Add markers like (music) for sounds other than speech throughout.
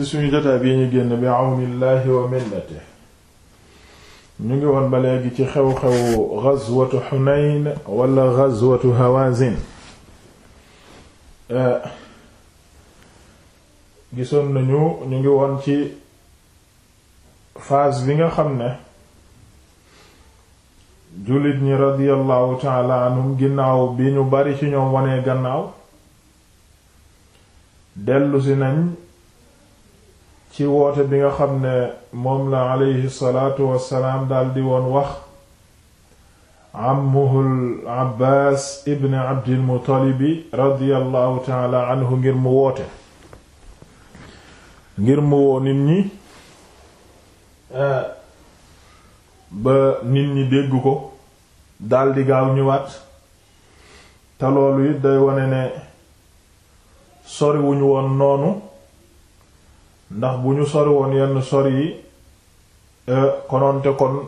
ci suñu jotaay bii ñu génn bi àwnillaahi wa minnati ñu ngi woon ba léegi ci xew-xewu gazwatu xunayn wala gazwatu hawazin eh, gisoon nañu ñu ngi woon ci phase bi nga xam ne jullit ñi radiyallahu taala anhum ginnaaw bi ñu bari ci ñoom wanee gannaaw dellusi nañ ci woote bi nga xam ne moom la aleyhi salaatu wassalaam daldi woon wax ammuhul abbaas ibn abdil muttalibi radiyallahu taala anhu ngir mu woote ngir mu woo nit ñi ba nit ñi dégg ko daldi gaaw ñëwaat te loolu it day wone ne soriwuñu woon noonu ndax bu ñu sori woon yenn sori yi e, kononte kon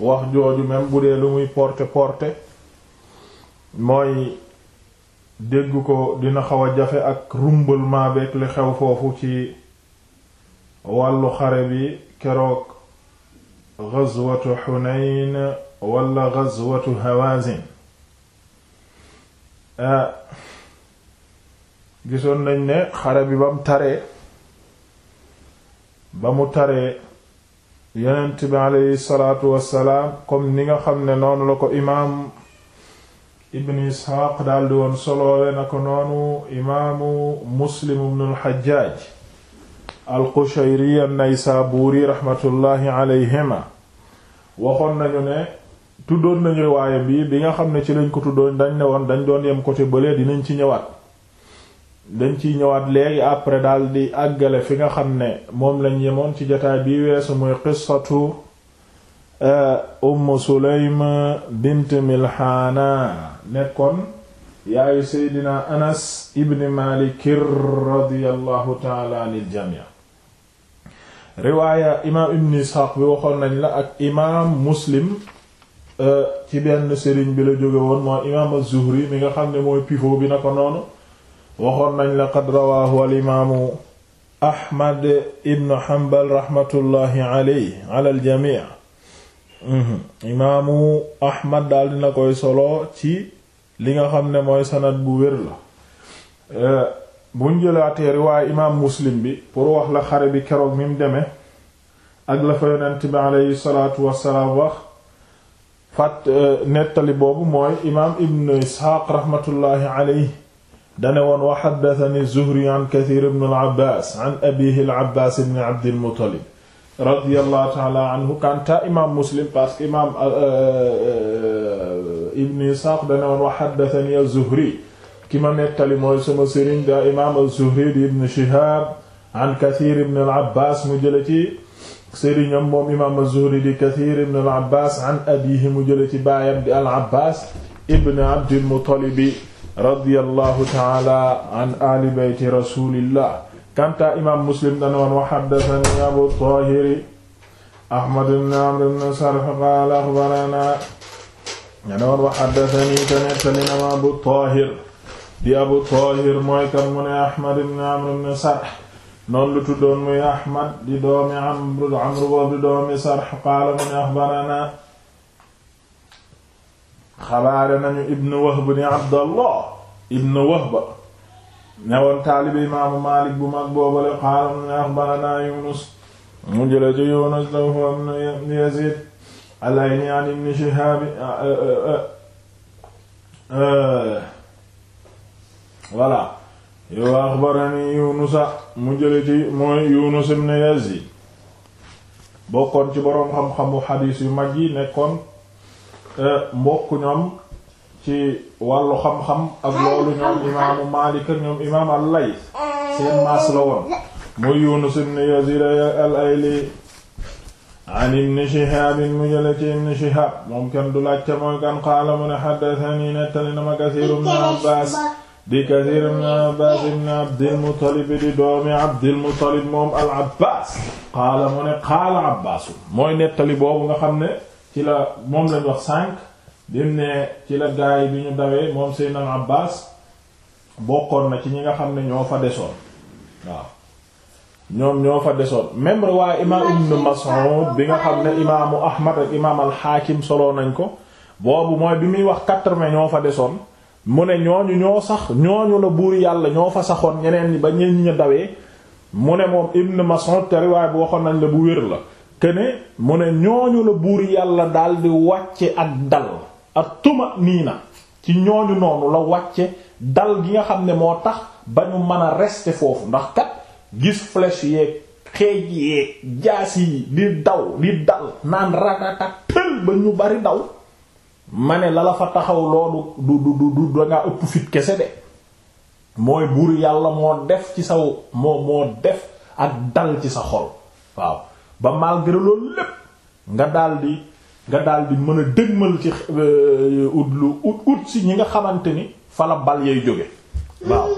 wax jooju même bu dee lu muy porte porte mooy dégg ko dina xaw a jafe ak rumbalement beeg li xew foofu ci wàllu xare bi keroog ghazwatu Hunayn wala ghazwatu Hawazin e, gisoon nañ ne xare bi bam taree ba mu taree yonent bi aleyhi salaatu wassalaam comme ni nga xam ne noonu la ko imaam ibn isxaaq daldi woon soloowe na ko noonu imaamu muslim ibn al-Hajjaaj al-Qushayri an-Naysaabuuri raxmatullaahi aleyhima waxoon nañu ne tuddoon nañu riwaaya bii bi nga xam ne ci lañ ko tuddoon dañ ne woon dañ doon yem côté bële dinañ ci ñëwaat dañ ci ñëwaat léegi après daal di àggale fi nga xam ne moom lañ yemoon ci jotaay bi weesu muy qissatu umm sulaym bint milhaana nekkoon yaayu seydina anas ibn malikir radiallahu taala an iljamia riwaaya imaam ibn isxaaq bi waxoon nañ la ak imaam muslim euh, ci benn sëriñ bi la jóge woon mooy imaam az-zuhri mi nga xam ne mooy pifo bi na ko noonu waxoon nañ la qad rawaahu alimaamu ahmad ibnu hanbal rahmatullahi aley ala aljamii mhm. imaamu ahmad daal dina koy solo ci li nga xam ne mooy sanad bu wér la eh, buñ jëlaatee riwaaye imaam muslim bi pour wax la xare bi keroog mi deme ak la fa yonent bi aleyhi salaatu wassalaam wax eh, nettali boobu mooy imaam ibnu isxaaq rahmatullahi aley dane woon wa xaddatani zuhri an kathir ibn al-abbaas an abihi al-abbaas ibn abdil muttalib radiyallahu taala anhu kanta imaam muslim parce que imaam euh, euh, ibn isxaaq dane woon wa xaddatani az-zuhri ki ma nettali mooy sama sëriñ da imaam az-zuhri di ibn shihaab an kathir ibn al-abbaas mu jële ci sëriñam moom imaam az-zuhri di kathir ibn al-abbaas an abihi mu jële ci baayam di al-abbaas ibn abdil muttalibi radiyallahu taala an ahli beyti rasulillah kanta imam muslim danoon wa haddathani abu tahiri ahmad ibn amr ibn sarh qaala axbarana danoon wa haddathani te nettalinam abu tahir di abu tahir mooy kan mu ne ahmad ibn amr ibn sarh noonu lu tuddoon muy ahmad di doomi amr amr di doomi sarh qaala mu ne axbarana xabaare nañu ibn wahb ni abdallah ibn wahb newoon maalik bu mag boobale xaaral mu ne yunus mu jële yunus la huwa ibn yazid alayni an ibn shihab voilà yow axbarani yunusa mu jële yunus ibn yazid bokkoon ci boroom xam-xamu xadiis yu mag yi nekkoon Euh, mbokk ñoom ci wàllu ñoom imaamu Maalik ñoom imaam al-Layth seen maas la woon muy Yunus ibn Yazid al-Ayli an ibn Shihab ci ibn moom kenn du laajte mooy kan qaala mu ne haddathanii nettali na ma Kathiir ibn Abbaas di Kathiir ibn Abbaas doomi Abdil Muttalib moom al-Abbaas qaala mu ne qaala Abbaasu mooy nettali boobu nga xam ne ci la moom lañ wax sànq bim ne ci la gaay bi ñu dawee moom Seynal Abbas bokkoon na ci ñi nga xam ne ñoo fa desoon waaw ñoom ñoo fa desoon même waa imaam Ibn Mas'ud bi nga xam ne imaamu Ahmad ak imaam al-Hakim solo nañ ko boobu mooy bi muy wax quatre-vingts ñoo fa desoon mu ne ñooñu ñoo sax ñooñu la buur yàlla ñoo fa saxoon ñeneen ñi ba ñenn ñu dawee mu ne moom Ibn Mas'ud te riwaay bu waxoon nañ la bu wér la. këne mu ne ñooñu la buur yàlla daldi wàcce ak dal ak tuma nii na ci ñooñu noonu la wàcce dal gi nga xam ne moo tax ba ñu mën a reste foofu ndax kat gis flèche yeeg xeej yeeg jaas yi di daw di dal naan ratata tël ba ñu bari daw ma ne la la fa taxaw loolu du du dangaa ëpp fit kese de mooy buur yàlla moo def ci saw moo moo def ak dal ci sa xol waaw ba malgré loolu lépp nga daldi nga daldi mën dëgmal ci euh, ut lu ut ut si ñi nga xamante ni fala bal yay jóge waaw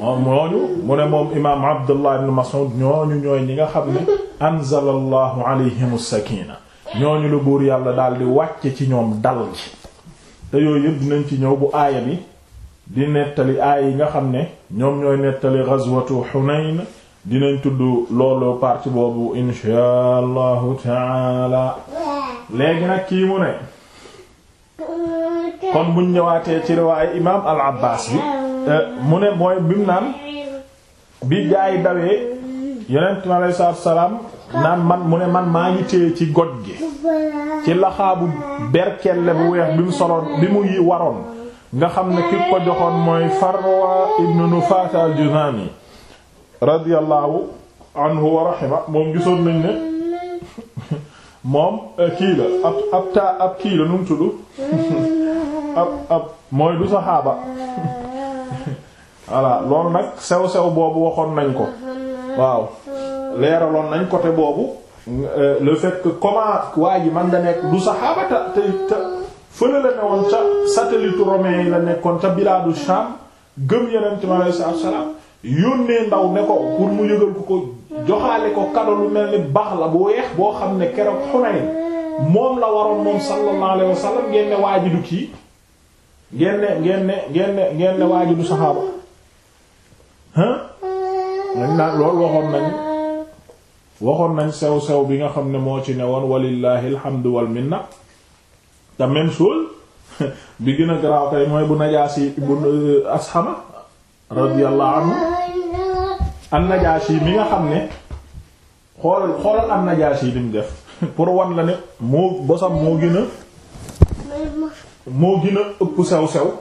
moom ñooñu mu ne moom imaam Abdullah ibn Mas'ud ñooñu ñooy ñi nga xam ne anzalallahu alayhimu sakina ñooñu la buur yàlla daldi wàcce ci ñoom dal gi te yooyu yëpp dinañ ci ñëw bu aaya bi di nettali aaya yi nga xam ne ñoom ñooy nettali ghazwatu Hunayn dinañ tudd loolu partie boobu inshaa allahu taala léegi nag kii mu ne kon buñ ñëwaatee ci riwaaye imaam al abbaas bi eh, mu ne mooy bim naan bi gaa yi dawee yonent mi aleyhi naan man mu ne man maa ngi téye ci goj gi ci laxaabu berkelle bu weex bi mu soloon bi mu yi waroon nga xam ne ki ko joxoon mooy farwa ibnu nufaas al juzaami radiyallahu anhu wa moom gisoon nañ ne moom euh, kii la ab ab taa ab kii la nu mu tudd ab ab mooy du saxaaba voilà loolu nag sew sew boobu waxoon nañ ko waaw leeraloon nañ côté boobu euh, le fait que comment waa man da nekk du saxaaba te te fële la ca satellite romain yi la nekkoon ca bilaadu Sham gëm yeneen tamit alayhi salaam. yónnee ndaw ne ko pour mu yëgal ko ko joxaale ko kado lu mel ni baax la bu weex boo xam ne keroog Hunayn moom la waroon moom sallallahu alayhi ngeen ne waa ji du kii ngeen ne ngeen ne ngeen ne ngeen ne saxaaba ah. naan loolu waxoon nañ waxoon nañ sew sew bi nga xam ne moo ci ne newoon walillahi alhamdu wal minna te même chose (laughs) bi gën a garaaw mooy bu najaasi bu euh, asxama radiyallahu anhu an-Najashi mi nga xam ne xoolal xoolal an-Najashi li mu def (laughs) pour wan la ne moo bosam moo gën a moo gën a ëpp sew sew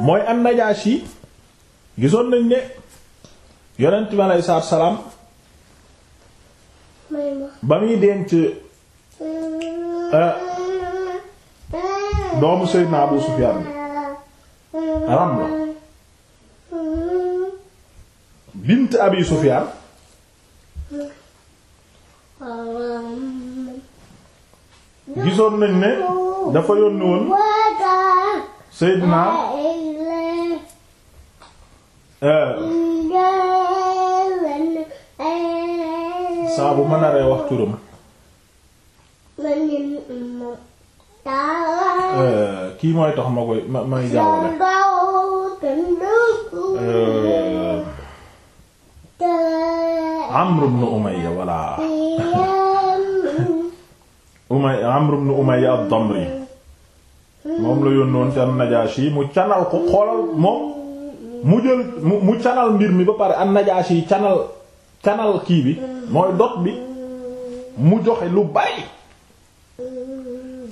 mooy an-Najashi gisoon nañ ne yonent bi aleyhi salaatu salaam ba muy denc eh, doomu Seydina Abu Sufyaan Ramla bint Abi Sufyaan gisoon nañ ne dafa yónni woon Seydina eh, saa bu ma naree wax turam kii mooy tax ma koy ma may jaawale Amr ibn Umayya walla (laughs) Umay Amr ibn Umayya ad-Damri moom la yónnoon te an-Najaashi mu canal ko xoolal moom mu jël mu canal mbir mi ba pare an-Najaashi canal canal kii bi mooy dot bi mu joxe lu bari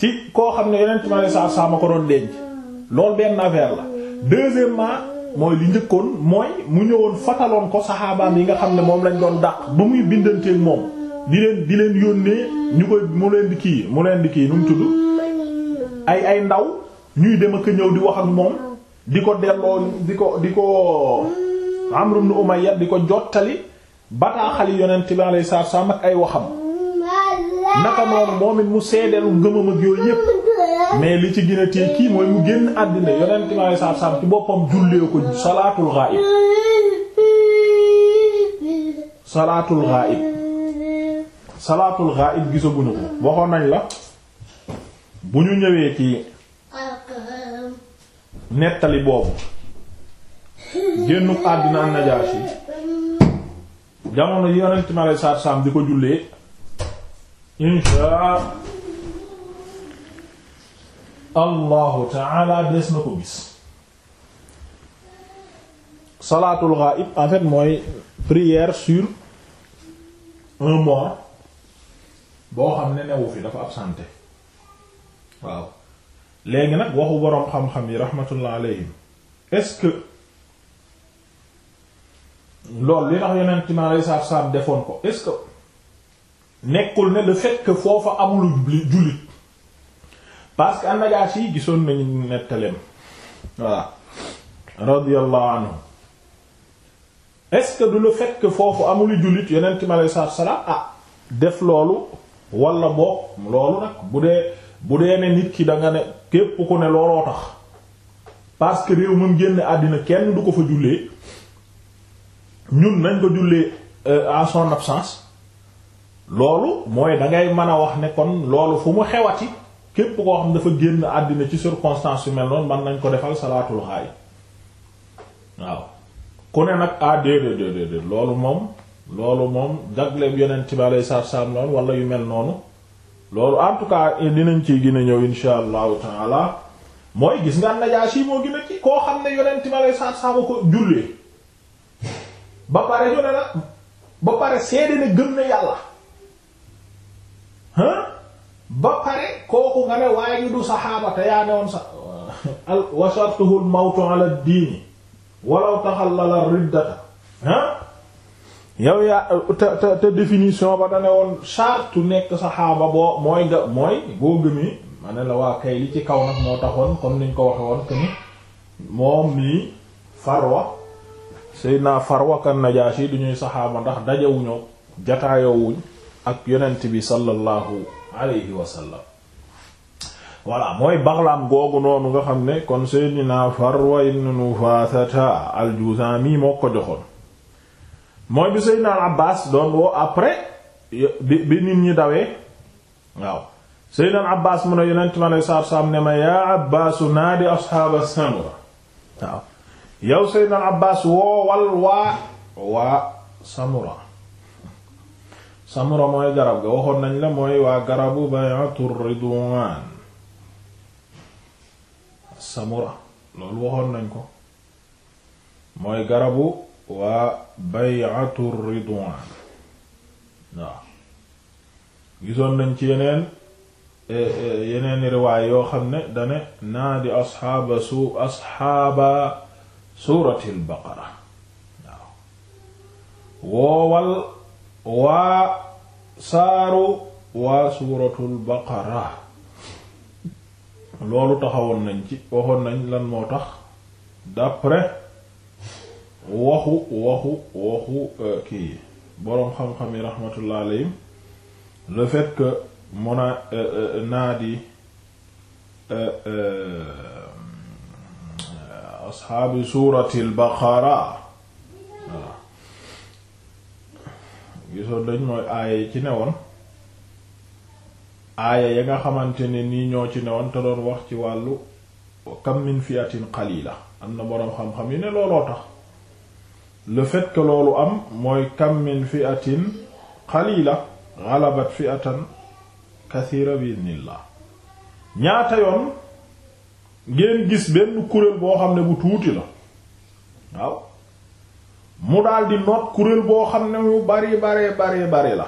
ci koo xam ne yeneen ciment saa saa ma ko doon denc loolu benn affaire la deuxièmement mooy li njëkkoon mooy mu ñëwoon fataloon ko saxaabaam yi nga xam ne moom lañ doon daq ba muy bindanteeg moom di leen di leen yónnee ñu koy mu leen di kii mu leen di kii nu mu tudd ay ay ndaw ñuy dem ak ñëw di wax ak moom di ko delloo di ko di ko Amru ibn Umayya di ko jottali bataaxali yonent bi alayhi salaam ak ay waxam. naka noonu moom it mu seedeel ngëmam ak yooyu yépp mais li ci gën a tee kii mooy mu génn àddina yonent ma ci boppam jullee ko salaatul ghaib salaatul ghaib salaatul ghaib gisaguñu ko waxoon nañ la bu ñu ñëwee ci nettali boobu génnu àddina an Najaashi jamono yonent ma di ko jullee insha allahu taala des na ko gis salaatul ghaib en mooy prière sur un mort boo xam ne newu fi dafa absenté waaw léegi nag waxu boroom xam-xam yi rahmatullah alayhim est-ce que loolu li tax yonent mi alayhi salaatu salaam defoon ko est-ce que nekkul ne le fait que foofa amul jullit parce que yi gisoon nañu nettaleem voilà radiyallahu anhu est-ce que du la fekk foofu amul jullit yonent mi alayhi salaatu salaam ah def loolu wala boog loolu nag bu dee bu dee ne nit ki danga ne képp ko ne looloo tax parce que réew mu génn àddina kenn du ko fa jullee ñun nañ ko jullee euh, en son absence. loolu mooy da ngay mën a wax nekkoon loolu fu mu xewati képp koo xam dafa génn àddina ci circonstance yu mel noonu mën nañ ko defal salaatul xaay waaw ku ne nag ah déedéet déedéet loolu moom loolu moom jagleeb yonent bi alayhi salaatu salaam wala yu mel noonu loolu en tout cas eh, dinañ ciy gën a ñëw insha allahu taala mooy gis nga Najaashi moo koo xam ne yonent bi alayhi ko jullee ba pare ñu ba pare seede ne gëm na yàlla. ba pare kooku nga ne waaye ñu du saxaaba te yaa ne woon sa wa shartuhu al-mawtu ala ad-diini walaw taxallala riddata yow yaa te te te définition ba da woon chartu nekk saxaaba boo mooy nga mooy boo gëmee ma ne la waa kay li ci kaw nag moo taxoon comme niñ ko waxe woon que ni moom nii Farwa Seydina Farwa kan Najaashi du ñuy saxaaba ndax dajewuñoo jataayoo wuñ ak yonent bi sallallahu alayhi wa sallam voilà mooy baxlaam googu noonu nga xam ne kon Seydina Farwa ibn Nufaasata al-Juzaami moo ko joxoon mooy bi Seydina Abbaas doon woo après bi nit ñi dawee waaw Seydina Abbaas mu ne yonent mi alayhi salaatu salaam ne ma yaa Abbaasu naadi ashaaba samura waaw yow Seydina Abbaas woowal waa waa samura samra mooy garab ga waxoon nañ la mooy waa garabu bay'atur ridwaan samura loolu waxoon nañ ko mooy garabu waa bay'atur ridwaan waaw gisoon nañ ci yeneen eh, eh, yeneen riwaay yoo xam ne dane naadi di asxaaba su asxaaba woowal waa saaru waa suuratul baqara loolu taxawoon nañ ci waxoon nañ lan moo tax dapre waxu waxu waxu euh, kii boroom xam-xam yi rahmatullah alayhim le fait que mun euh, a euh, naadi ashaabi suuratil baqara gisoon dañ mooy aaya yi ci newoon aaya ya nga xamante ni nii ñoo ci newoon te doon wax ci wàllu kam min fiatin am na boroom xam-xam yi ne looloo tax le fait que loolu am mooy kam min fiatin qalila ghalabat fiatan kathira bi ñaata yoon ngeen gis benn kuréel boo xam ne bu tuuti la waaw mu daal di noot kuréel boo xam ne mu bari bari bari bari la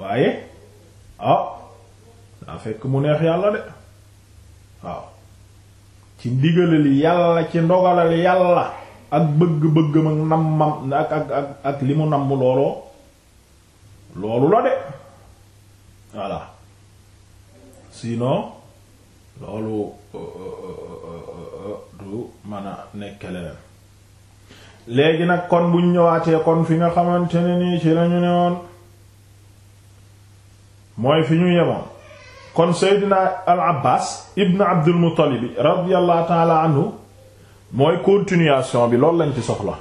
waaye ah daa fekk mu neex yàlla de waaw ci ndigalal yàlla ci ndogalal yàlla ak bëgg-bëggam ak nammam ak ak ak li mu namm looloo loolu la de voilà sinon loolu euh, euh, euh, du mën a nekk leneen léegi nag kon buñ ñëwaatee kon fi nga xamante ne nii ci lañu ne woon mooy fi ñu yemoon kon seydina al abbas ibn abdul muttalibi radiallahu taala anhu mooy continuation bi loolu lañ ci soxla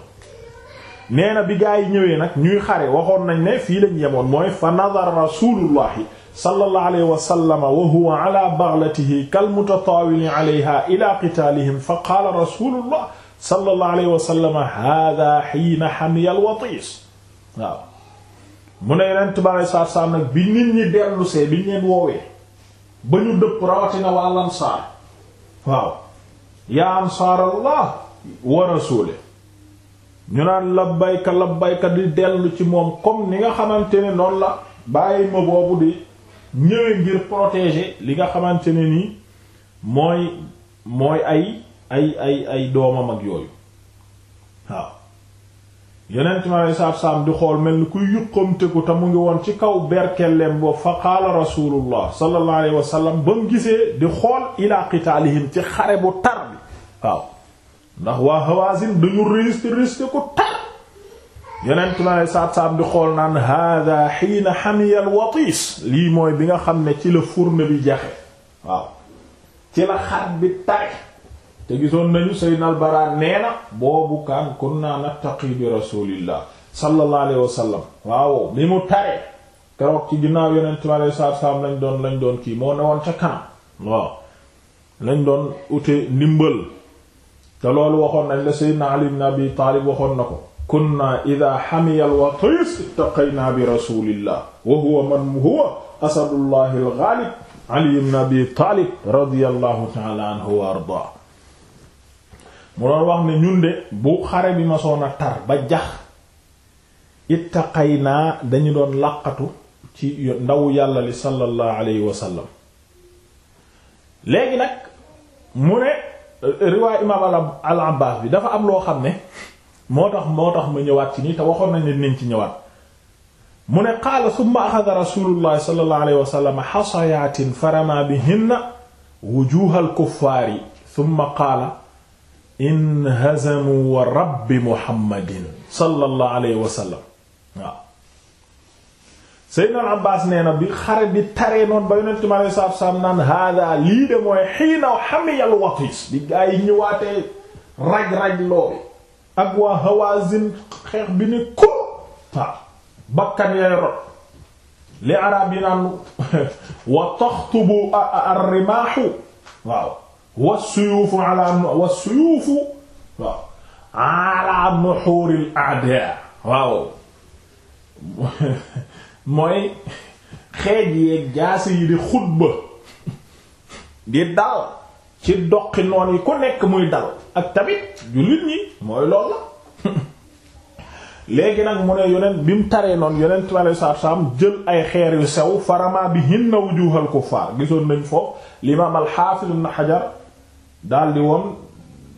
nee na bi gaa yi ñëwee nag ñuy xare waxoon nañ ne fii lañ yemoon mooy fa nadara rasulullahi sallallahu alayhi wa sallam wa huwa ala baghlatihi kal mutataawili alayha ila qitaalihim fa qaala rasulullah sallallahu alayhi wa sallam xiina xamiyal watiis waaw mu ne yonent bi alei saatu salaam nag bi nit ñi dellusee bi ñu leen woowee ba ñu dëpp rawatina wal ansaar waaw yaa ansaar allah wa rasuule ñu naan labbayka labbayka di dellu ci moom comme ni nga xamante ne noonu la bàyyi ma boobu di ñëwee ngir protéger li nga xamante ne nii mooy mooy ay ay ay ay doomam ak yooyu waaw yonent mi alei saatu salaam di xool mel ni kuy yuqamteku te mu ngi woon ci kaw berkelleem boobu fa qaala rasulullah sallallahu alayhi wa ba mu gisee di xool ilaa qitaalihim ci xare bu tar bi waaw ndax waa Hawazin dañu risque ku tar yonent mi alei saatu salaam di xool naan hada xiina xamiya watiis lii mooy bi nga xam ne ci la furne bi jaxe waaw ci la xar bi tare te gisoon nañu sayyidna al bara nee na boobu kaan kunna nattaqi bi rasulillah sallallahu alayhi wa sallam waaw li mu tare keroog ci ginnaaw yonent bi alayhi salaatu salaam lañ doon lañ doon kii moo newoon ca kanam waaw lañ doon ute ndimbal te loolu waxoon nañ la sayyidna ali ibn abi taalib waxoon na ko kunna ida xamiya alwatiis ittaqaynaa bi rasulillah wa huwa man huwa asadullahi alghalib ali ibn abi taalib radiyallahu ta'ala anhu wa ardaa mu doon wax ne ñun de bu xare bi ma soon a tar ba jax ittaqay naa dañu doon làqatu ci ndaw yàlla li sallallahu alayhi wa sallam léegi nag mu ne euh, riwaay imaam al abbaas bi dafa am loo xam ne moo tax moo tax ma ñëwaat ci nii te waxoon nañ ne niñ ci ñëwaat mu ne qaala summa axada rasulullahi sallallahu alayhi wa sallam xasayaatin farama bihinna wujuhal yi summa qaala inhazamu wa rabbi muhammadin sallallahu alayhi wa sallam waaw seydna Abbaas nee na bi xare bi taree noonu ba yonent mi alayhi salaatu salaam naan hada lii de mooy xiina xamiyal watiis bi gaa yi ñëwaatee raj-raj loobi ak waa Hawaazin xeex bi ni ko waaw bakkan yay rot li arab yi naan (laughs) wa taxtubu ar-rimaahu waaw was-suyuufu ala was-suyuufu waaw waaw mooy xeej yeeg jaas yi di xutba di dal ci doqi noon yi ku nekk muy dal ak tamit jullit ñi mooy lool la léegi nag mu ne yonent bi mu taree noonu yonent bi alei satu salaam jël ay xeer yu sew farama bi hinna wujuhal kuffaar gisoon nañ foofu l'imam al-Hafiz ibn Hajar di woon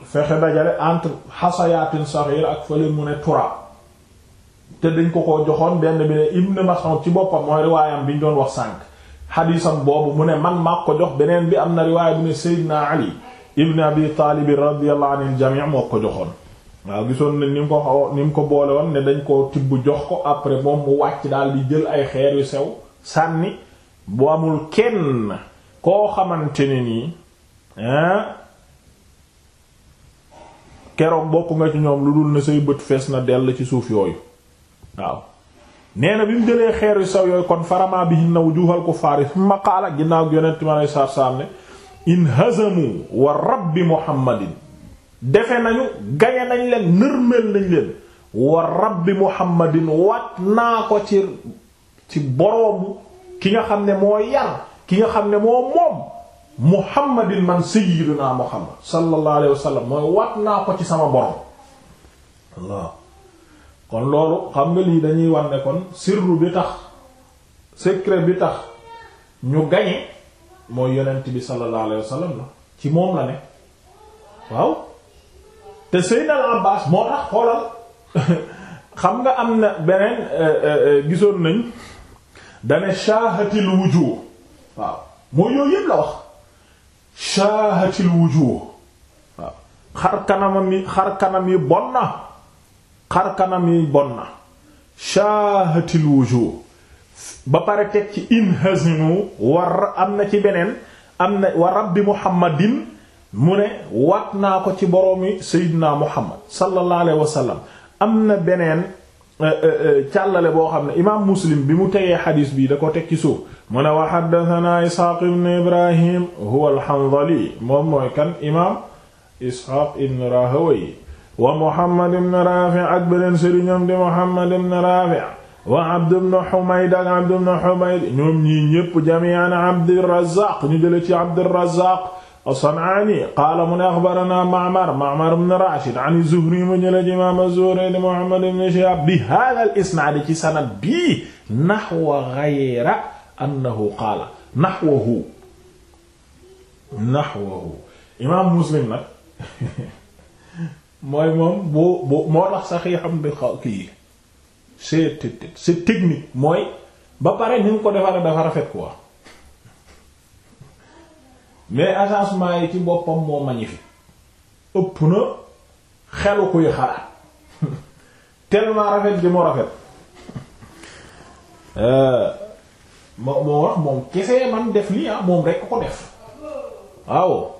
fexe dajale entre xasayaatin saxiir ak fële mu ne turaab te dañ ko ko joxoon benn bi ne Ibn Mas'ud ci boppam mooy riwaayam bi ñu doon wax sànq xadiisam boobu mu ne man maa ko jox beneen bi am na riwaaya bu ne Seydina Ali ibn Abi Taalib radiyallahu anil jamii moo ko joxoon waaw gisoon na ni mu ko xaw ko boole woon ne dañ koo tibb jox ko après moom mu wàcc daal di jël ay xeer yu sew sànni bu amul kenn koo xamante ne nii keroog bokk nga ci ñoom lu dul ne say bët fees na dell ci suuf yooyu waaw nee na bi mu jëlee xeer yu saw yooyu kon farama bi hinna wujuhal kuffaari summa qaala ginnaaw yonent mi aleyhi salaatu salaam ne in hazamu wa rabbi muhammadin defe nañu gañe nañ leen nërmeel nañ leen wa rabbi muhammadin wat naa ko ci ci boroomu ki nga xam ne moo yar ki nga xam ne moo moom muhammadin man sayyiduna muhammad sallallahu alayhi wa sallam mooy wat naa ko ci sama borom waaw kon loolu xam nga lii dañuy war ne kon sirru bi tax secret bi tax ñu gañe mooy yonent bi sallallahu alayhi wa la ci moom la ne waaw te Seydina Abbas moo tax xoolal (laughs) xam nga am na beneen eh, eh, eh, gisoon nañ dane shaahatil wujuh waaw mooy yooyu yëpp la wax shaahatil wujuh waaw xar yi xar yi bon na xar kanam yi bon na shaahatil wujuh ba pare teg ci inhazinu war am na ci beneen am na wa rabbi muhammadin mu ne wat naa ko ci boroomi seydina muhammad sallallahu alayhi wa sallam am na beneen Euh, euh, euh, càllale boo xam ne imaam muslim bi mu tegee xadiis bi da ko teg ci suuf mu ne wa xaddatanaa isxaaq ibn ibrahim huwa alxandali moom mooy kan imaam isxaaq ibn rahawayh wa muhammad ibn raafi ak beneen sëriñam di muhammad ibn raafi wa abd ibn xumayd ak abd ibn xumayd ñoom ñii ñépp jamii'an abdirazaq ñu jële ci abdirazaq as-San'aani qaala mu ne axbaranaa Ma'mar Ma'mar ibn Rashid an az-Zuhri mu jële ci imaam az-Zuhri di Muhammad ibn Shihaab bi haadha al-isnaad ci sanad bii nahwa ghayra annahu qaala nahwahu nahwahu imaam Muslim nag mooy moom boo boo moo tax saxiixam bi xaw kii c'est technique mooy ba pare ni mu ko defaree dafa rafet quoi. mais agencement yi ci boppam moo fi ëpp na xelu kuy xalaat (laughs) tellement rafet bi mu rafet euh, moo moo wax moom kese man def lii ah moom rekk ko def waaw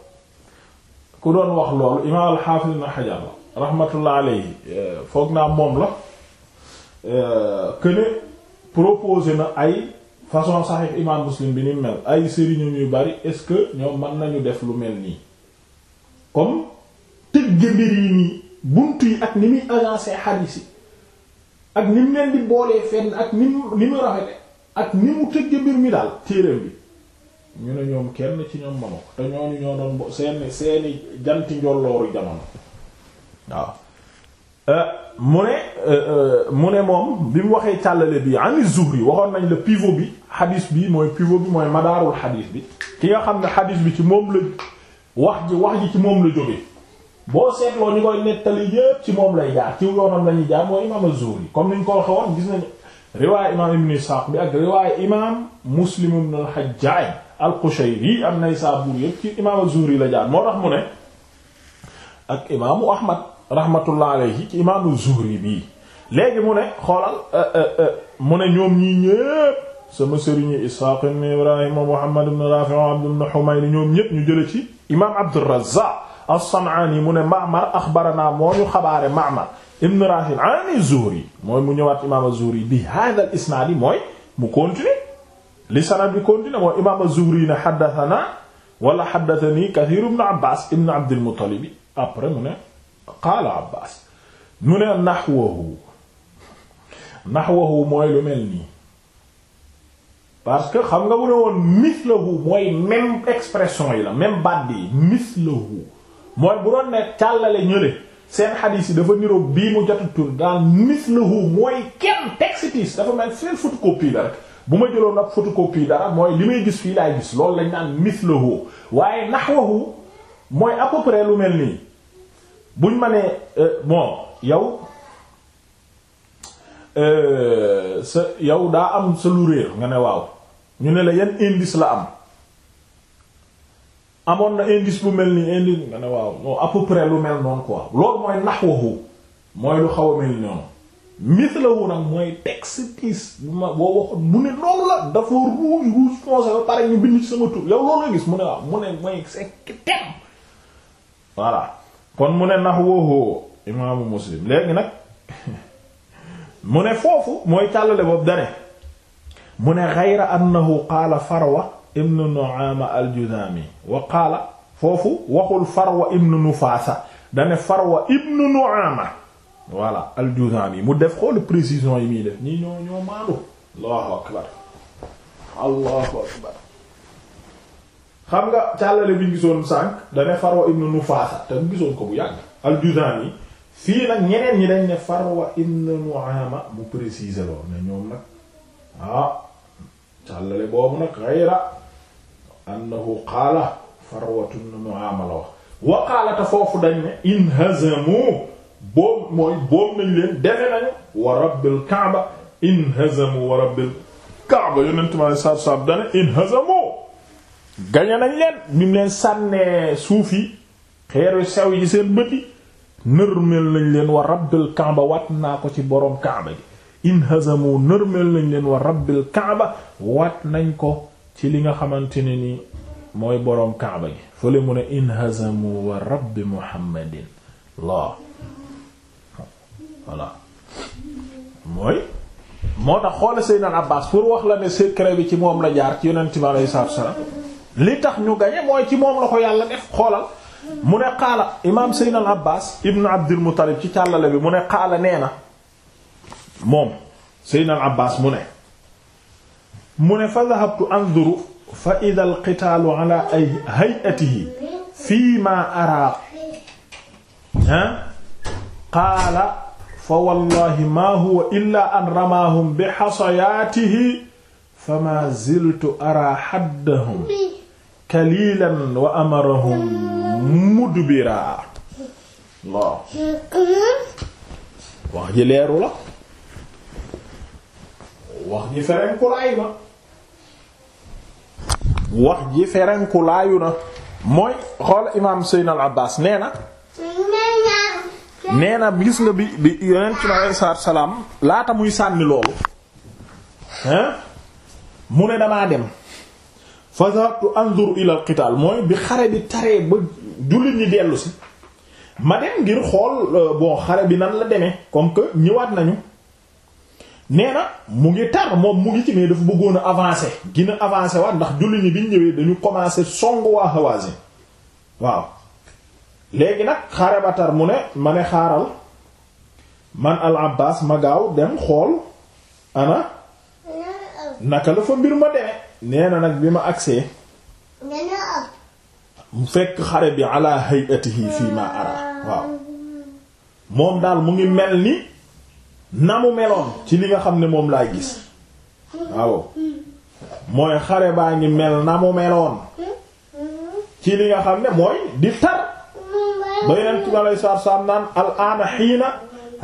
ku doon wax loolu imaam al-Hafiz Ibn Hajar rahmatullah alayhi euh, foog naa moom la euh, que ne na ay façon saxiix imaam muslim bi ni mel ay sëriñam yu bari est-ce que ñoom man nañu def lu mel nii comme tëgg mbir yi nii bunt yi ak ni muy agencé xadiis yi ak ni mu leen di boolee fenn ak ni mu ni mu rafete ak ni mu tëgg mbir mi daal téereem bi ñu ne ñoom kenn ci ñoom manu ko te ñooñu ñoo doon seeni seeni janti njollooru jamono waaw Euh, mu ne euh, euh, mu ne moom bi mu waxee càllale bi ani Zuhri waxoon nañ la pivot bi xadis bi mooy pivot bi mooy madaarul xadis bi ki nga xam ne xadis bi ci moom la wax ji wax ji ci moom la jógee boo seetloo ñu koy nettali yépp ci moom lay jaar ci yoonam la ñuy jaar mooy imaam az-Zuhri comme ni ñu ko waxee gis nañ riwaaya imaam ibn Isaaq bi ak riwaaya imaam Muslim ibn al-Hajjaj al-Qushayri am Naysaburi yépp ci imaam az-Zuhri la jaar moo tax mu ne ak imaamu Ahmad rahmatullah alayhi ci imaamu Zuhri bii léegi mu ne xoolal euh, euh, euh, mu ne ñoom ñii ñépp sama sëriñu Muhammad ibn Raafi' Abd ibn Humayd ñoom ñépp ñu jële ci imaam Abdurrazzaq as-San'aani mu ne Ma'mar axbaranaa moo xabaare Ma'mar ibn Raafi' an Zuhri mooy mu ñëwaat imaam Zuhri bi haadha al-isnaad yi mooy mu continuer li sanad bi continuer mooy imaam Zuhri ne haddathanaa wala haddathanii Kathiir ibn Abbaas ibn Abdil Muttalib après mu qaala Abbaas mu ne naxwahu naxwahu mooy lu mel nii parce que xam nga mu ne woon mislahu mooy même expression yi la même baat bi mislahu mooy bu doon nekk càllale ñële seen xadiis yi dafa niroog bii mu jot tur daal mislahu mooy kenn texte dafa mel seen photocopie la rek bu ma jëloon ab photocopie dara mooy li may gis fii laay gis loolu lañ naan mislahu waaye naxwahu mooy à peu lu mel nii buñ ma nee euh, bon yow euh, sa yow daa am sa lu réer nga ne waaw ñu ne la yan indice la am amoon na indice lu mel ni indice nga ne waaw non à peu près lu mel noonu quoi loolu mooy nahwahu mooy lu xaw a mel noonu mithlahu nag mooy texte bu ma boo waxoon mu ne noonu la dafa rouge rouge foncé ba pare ñu bind sama tur yow loolu nga gis mu ne waaw mu ne mooy c'est thème voilà kon mu ne nahwahu imaamu muslim léegi nag (laughs) mu ne foofu mooy càllale boobu dane mu ne xayra annahu qaala farwa ibnu nu'aama al wa qaala foofu waxul farwa ibnu nufaasa dane farwa ibnu nu'aama voilà al mu def xoolu précision yi muy def ñii ñoo ñoo allahu akbar allahu akbar xam nga càllale bi ñu gisoon sànq dane Farwa ibn Nufaasa te mu gisoon ko bu yàgg al-Juzaani fii nag ñeneen ñi dañ ne Farwa ibn Nu'aama mu préciser lool ne ñoom nag ah càllale boobu nag ghayra annahu qaala Farwa ibn Nu'aama la wax wa qaala foofu dañ ne inhazamu boom mooy boom nañ leen defe nañu wa rabbil Kaaba inhazamu wa rabbil Kaaba yonentu ma sallallahu alayhi wa sallam gañe nañ leen bi mu leen sànnee suuf yi xeer yu sew yi seen bët yi nërmeel nañ leen wa rabbil kaaba wat naa ko ci boroom kaaba gi nañ leen wa rabbil kaaba wat nañ ko ci li nga xamante ne ni mooy boroom kaaba gi fële mu ne inhazamu wa rabbi muhammadin la voilà mooy moo tax xoole Seydina Abbas pour wax la ne secret bi ci moom la jaar ci yonent bi alayhi salaatu li tax ñu gañe mooy ci moom la ko yàlla def xoolal mu ne qaala imaam Seydina al Abbaas ibn Abdul Muttalib ci càllale bi mu ne qaala nee na moom Seydina al Abbaas mu ne mu ne fa dhahabtu anzuru fa idha al qitaalu ala hay'atihi fii ma araa ha qaala fa wallahi ma huwa illa an ramaahum bi hasayaatihi fa ma ziltu araa haddahum qalilan wa amarahum mudbira waaw wax ji leeru la wax ji ferenkulaayu na wax ji ferenkulaayu na mooy xool imaam Seydina Abbaas nee na nee na gis bi bi yonent bi aleyhi salaatu salaam laata muy sànni loolu hein mu ne damaa dem fa zahabtu anzur ila mooy bi xare bi taree ba jullit ñi dellu si ma dem ngir xool euh, bon xare bi nan la demee comme que ñëwaat nañu nee na mu ngi tar moom mu ngi ci mais dafa bëggoon a avancer gën a avancer ndax jullit ñi bi ñëwee dañu commencer song waa Hawazin waaw léegi nag xare ba tar mu ne ma ne xaaral man al Abbas ma gaaw dem xool ana naka la fa mbir ma demee nee nag bi ma agsee mu fekk xare bi ala hayatihi fii ma ara waaw moom daal mu ngi mel ni na mu meloon ci li nga xam ne moom laa gis waaw mooy baa ngi mel mu meloon ci li xam ne mooy di tar ba yeneen ci alei saatu salaam naan al xiina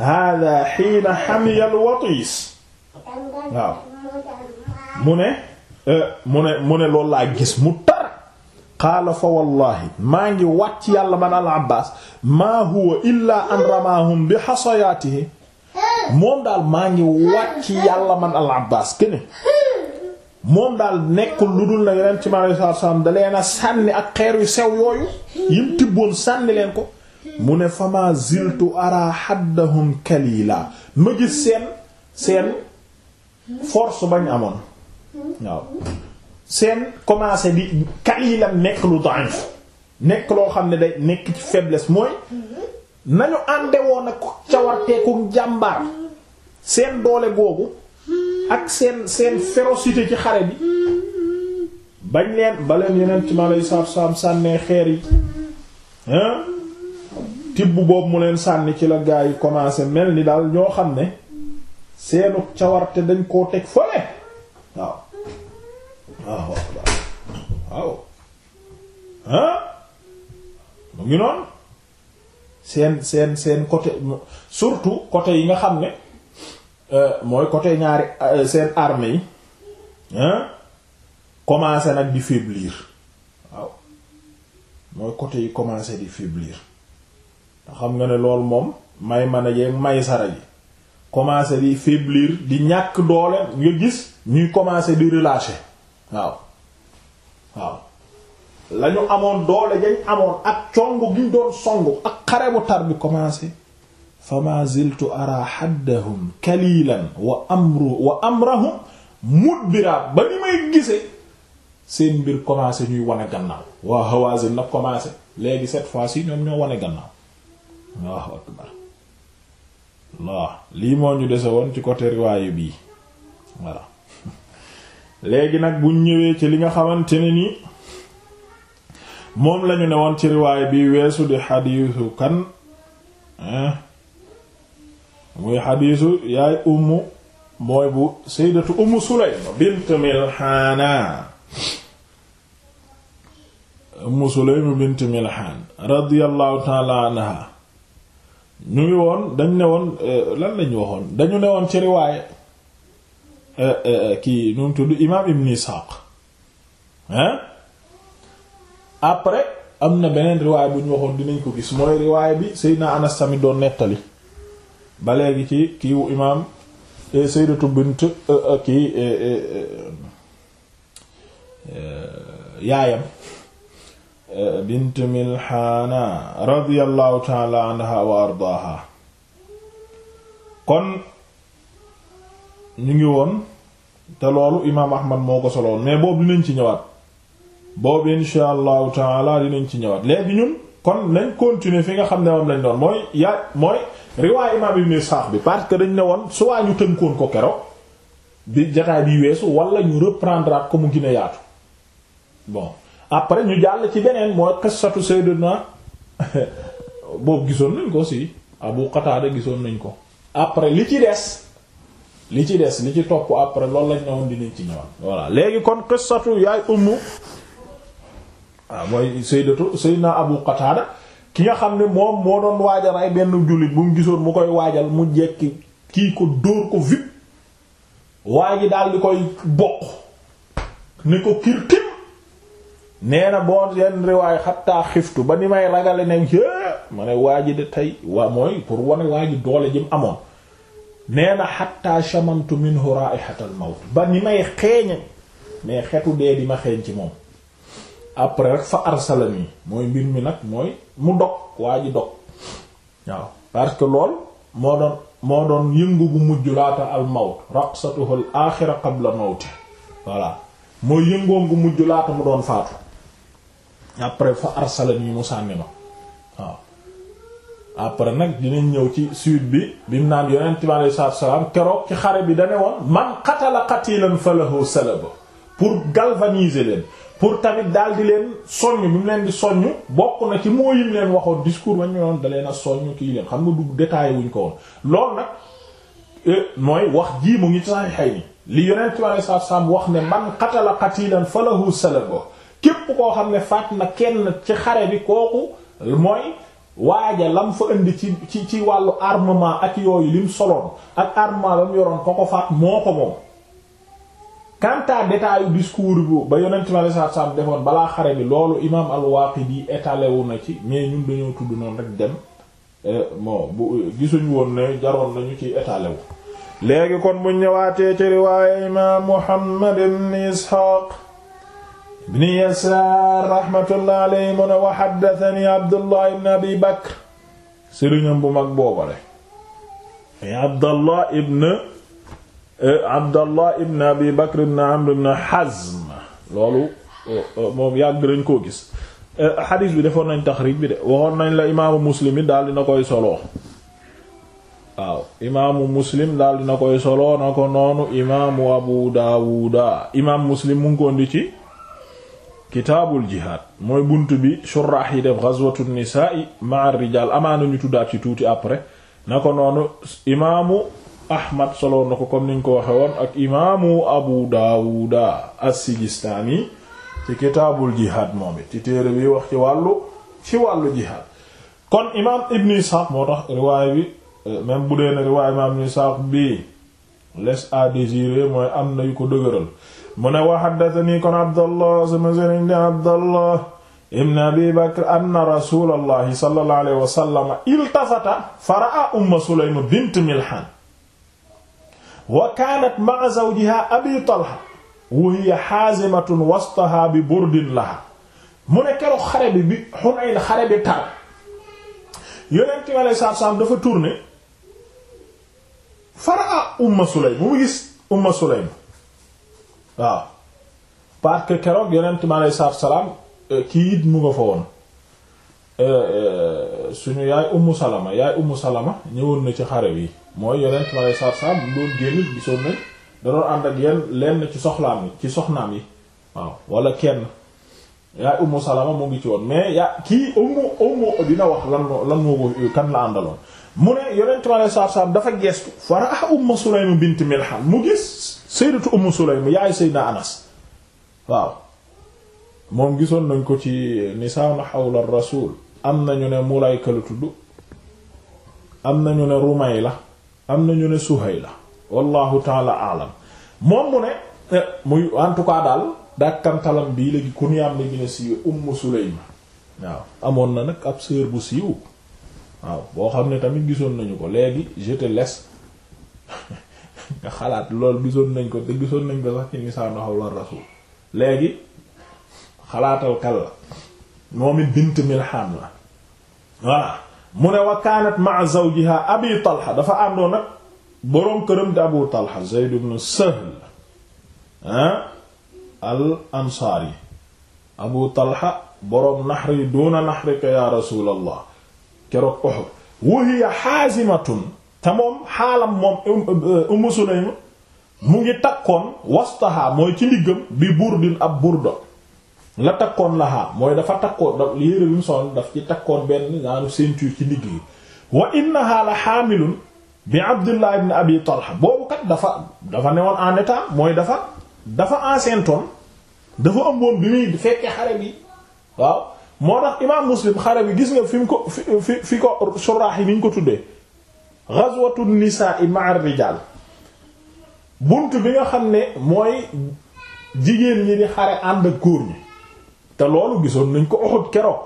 hada xiina xamiyal watiis waaw mu ne Euh, mu ne mu ne loolu laa gis mu tar qaala fa wallahi maa ngi wàcc yàlla man al abbas maa huwa illaa an ramahum bi moom daal maa ngi wàcc yàlla man al abbas kene moom daal nekkul lu dul na yeneen ci maalei satu salaam da leen a sànni ak xeer yu sew yooyu yim tibboon sànni leen ko mu ne fama ziltu ara haddahum kalila ma gis seen seen force bañ amoon waaw seen commencé di la nekk lu da'if nekk loo xam ne day nekk ci faiblesse mooy nañu àndewoon ko cawarteeku jàmbar seen doole googu ak seen seen férocité ci xare bi bañ leen baleen yeneen ci ma lay saab sànnee xeer yi tibb boobu mu leen sànni ci la gaa yi commencé mel ni daal ñoo xam ne seenu cawarte dañ koo teg fole waaw waaw waaw mu ngi noonu seen seen seen côté surtout côté yi nga xam ne euh, mooy côté ñaari euh, seen armée yi commencé nag di faiblir waaw mooy côté yi commencé di faiblir te xam nga ne loolu moom may man a yeeg may sara ji commencé di faiblir di ñàkk doole nga gis ñuy commencé di relâcher waaw waaw lañu amoon doole jañ amoon ak congu giñ doon songu ak xare bu tar bi commencé fa ma ziltu ara xaddahum kalilan wa amru wa amrahum mudbira ba ni may gise seen mbir commencé ñuy wane gannaaw waa nag commencé léegi cette fois-ci ñoom ñoo wane gannaaw Allahu akbar Allah lii moo ñu dese woon ci côté riwaayu bii voilà léegi nag bu ñëwee ci li nga xamante ne ni moom lañu ne woon ci riwaay bi weesu di xadiisu kan muy xadiisu yaay ummu mooy bu sayyidatu ummu sulaym bint milhaana ummu sulaym bint milhaan radiyallahu taala anha ñu woon dañ ne woon eh, lan lañu waxoon dañu ne woon ci Eh, eh, eh, kii nu mu imaam Ibn Ishaq hein après am na beneen riwaay bu ñu waxoon dinañ ko gis mooy riwaay bi Seydina Anas tamit doon nettali ba léegi ci kiiwu imaam Sayyidatu bint kii yaayam bint Milhana radiyallahu ta'ala anha wa ardaaha kon ñu ngi woon te loolu imaam ahmad moo ko soloon mais boobu dinañ ci ñëwaat boobu insha allahu taala dinañ ci ñëwaat léegi ñun kon nañ continuer fi nga xam ne moom lañ doon mooy yaa mooy riwaay imaam ibn Isaaq bi parce que dañ ne woon soit ñu tënkoon ko kero bi jataay bi weesu wala ñu reprendre ko mu gën a yaatu bon après ñu jàll ci beneen mooy qissatu sayyidina (laughs) boobu gisoon nañ ko si Abu Qatada gisoon nañ ko après li ci des li ci des li ci topp après loolu lañ ne woon dinañ ci ñëwaat voilà léegi kon qissatu yaay ummu waaw mooy sayyidatu sayyidina Abu Qatada ki nga xam ne moom moo doon waajal ay benn jullit bu mu gisoon mu koy waajal mu jekki kii ko dóor ko vip waa ji daal di koy bokk ni ko kirtim nee na boo yenn riwaay xattaa xiftu ba ni may ragale ne ma ne waa ji de tey waa mooy pour wane waa ji doole jëm amoon nee na xatta shamantu minhu ra'ihatal mawt ba ni may xeeñe mais xetu dee di ma xeeñ ci moom après rek fa arsalani mooy mbir mi nag mooy mu dog waa ji dog waaw parce que lool moo doon moo doon yëngu bu mujj laata al mawt raqsatuhu al axira qabla mawti voilà mooy yëngoom bu mujj laata mu doon faatu après fa arsalani mu sànni ma après nag dinañ ñëw ci suite bi bim naan yonent bi alayhi salaatu salaam keroog ci xare bi dane woon man qatala qatilan falahu salaba pour galvaniser leen pour tamit daal di leen soññ bi mu leen di soññ bokk na ci moo yim leen waxoon discours ba ñu noon da leen a soññ kii leen xam nga dugg détaillé wuñ ko woon loolu nag eh, mooy wax jii mu ngi sax xëy ni li yonent bi alayhi salaam wax ne man qatala qatilan falahu salaba képp koo xam ne faat na kenn ci xare bi kooku mooy waaja lam fa indi ci ci ci wàllu armement ak yooyu lim soloon ak armement ba mu yoroon ko ko faat moo ko moom quant à détail discours bu ba yonent mi alayhi salaatu defoon balaa xare bi loolu imaam al-Waaqidi étalé wu na ci mais ñun dañoo tudd noonu rek dem eh, bon bu gisuñu woon ne jaroon nañu ci étalé wu léegi kon bu ñëwaatee ci riwaaya imaam Muhammad ibn Isxaaq ibn yasaar raxmatullah alayhi mu wa xaddatani abdullah ibn abi bakr sëriñam bu mag boobale muy abdallah ibn eh, abdallah abi bakr ibn amr ibn hazm loolu eh, eh, moom yàgg nañ koo gis xadiis bi defoon nañ taxriij bi de waxoon nañ la imaamu muslim daal dina koy soloo waaw imaamu muslim daal koy soloo na ko noonu imaamu abu daawuda imaam muslim mu ngi ko ci kitaabul jihad mooy bunt bi shurraax yi def ghazwatu nisaa'i ma'a rijaal amaana ñu tuddaat ci tuuti après na ko noonu imaamu ahmad soloon na ko comme niñ ko waxe woon ak imaamu abu daawuda as-sijistaani ci kitaabul jihad moom it ci téere bi wax ci wàllu ci wàllu jihad kon imaam ibn ishaaq moo tax riwaay bi euh, même bu dee na riwaay imaam ibn ishaaq bi les à désirer mooy am na yu ko dëgëral mu ne wa haddathanii kon abdallah sama sëriñ di abdallah ibn abi bakr anna rasulallahi sallallahu alayhi wa sallam iltafata fa ra'a umma sulaym bint milhan wa kaanat ma'a zawjiha abi talha wa hiya haazimatun wastaha bi burdin laha mu ne keroog xare bi bi Hunayn xare bi tar yonent bi alayhi salaatu salaam dafa tourné fa ra'a umma sulaym mu gis umma sulaym waaw parce que keroog yonent mi aleyhi salaam euh, kii it mu nga fa woon euh, euh, suñu yaay ummu salama yaay ummu salama ñëwoon na ci xare bi mooy yonent mi aleyhi salaatu salaam doon génn gisoon nañ da doon ànd ak yenn lenn ci soxlaam yi ci soxnaam yi waaw wala kenn yaay ummu salama mu ngi ci woon mais yaa kii ummu ummu dina wax lan lan moo ko kan la àndaloon mu ne yonent mi aleyhi salaatu dafa gestu fara ah ummu sulaym bint milhan mu gis sayyidatu Umm Sulaym yaay sayyidina Anas waaw moom gisoon nañ ko ci nisaan xawla rasul am na nañu ne Mulayka la tudd am ñu ne Rumayla am nañu ne Suhayla wallahu taala alam moom mu ne eh, muy en tout cas daal dàkkantalam bii léegi ku niyaam la gën a siiwe Umm Sulaym waaw amoon na nag ab sœur bu siiw waaw boo xam ne tamit gisoon nañu ko léegi je te (laughs) nga xalaat lool gisoon nañ ko te gisoon nañ ko sax ci misaanu xawla rasul léegi xalaatal kal la moom it bint milhaan la voilà mu ne wa kaanat ma'a zawjiha abi talha dafa àndoon ak boroom këram di abu talha zayd ibn sahl ah al ansaari abu talha boroom naxri duuna naxrika ya rasulallah keroog Uhud wa hiya haazimatun te moom xaalam moom um, um, uh, Ummu Sulaym mu ngi takkoon wastaha mooy ci ndiggam bi burdin ab burda la takkoon lahaa mooy dafa takkoon da yére bi mu sol daf ci takkoon benn naanu ceinture ci ndigg yi wa innaha la xaamilun bi Abdullah ibn Abi Talha boobu kat dafa dafa newoon en état mooy dafa dafa enceinte dafa ëmboon bi muy fekkee xare bi waaw moo tax imaam Muslim xare bi gis nga fi mu fi ko suraax yi ni ñu ko tuddee ghazwatu nisaa ma'a rijaal bunt bi nga xam ne mooy jigéen ñi di xare ànd ak góor ñi te loolu gisoon nañ ko Uhud keroog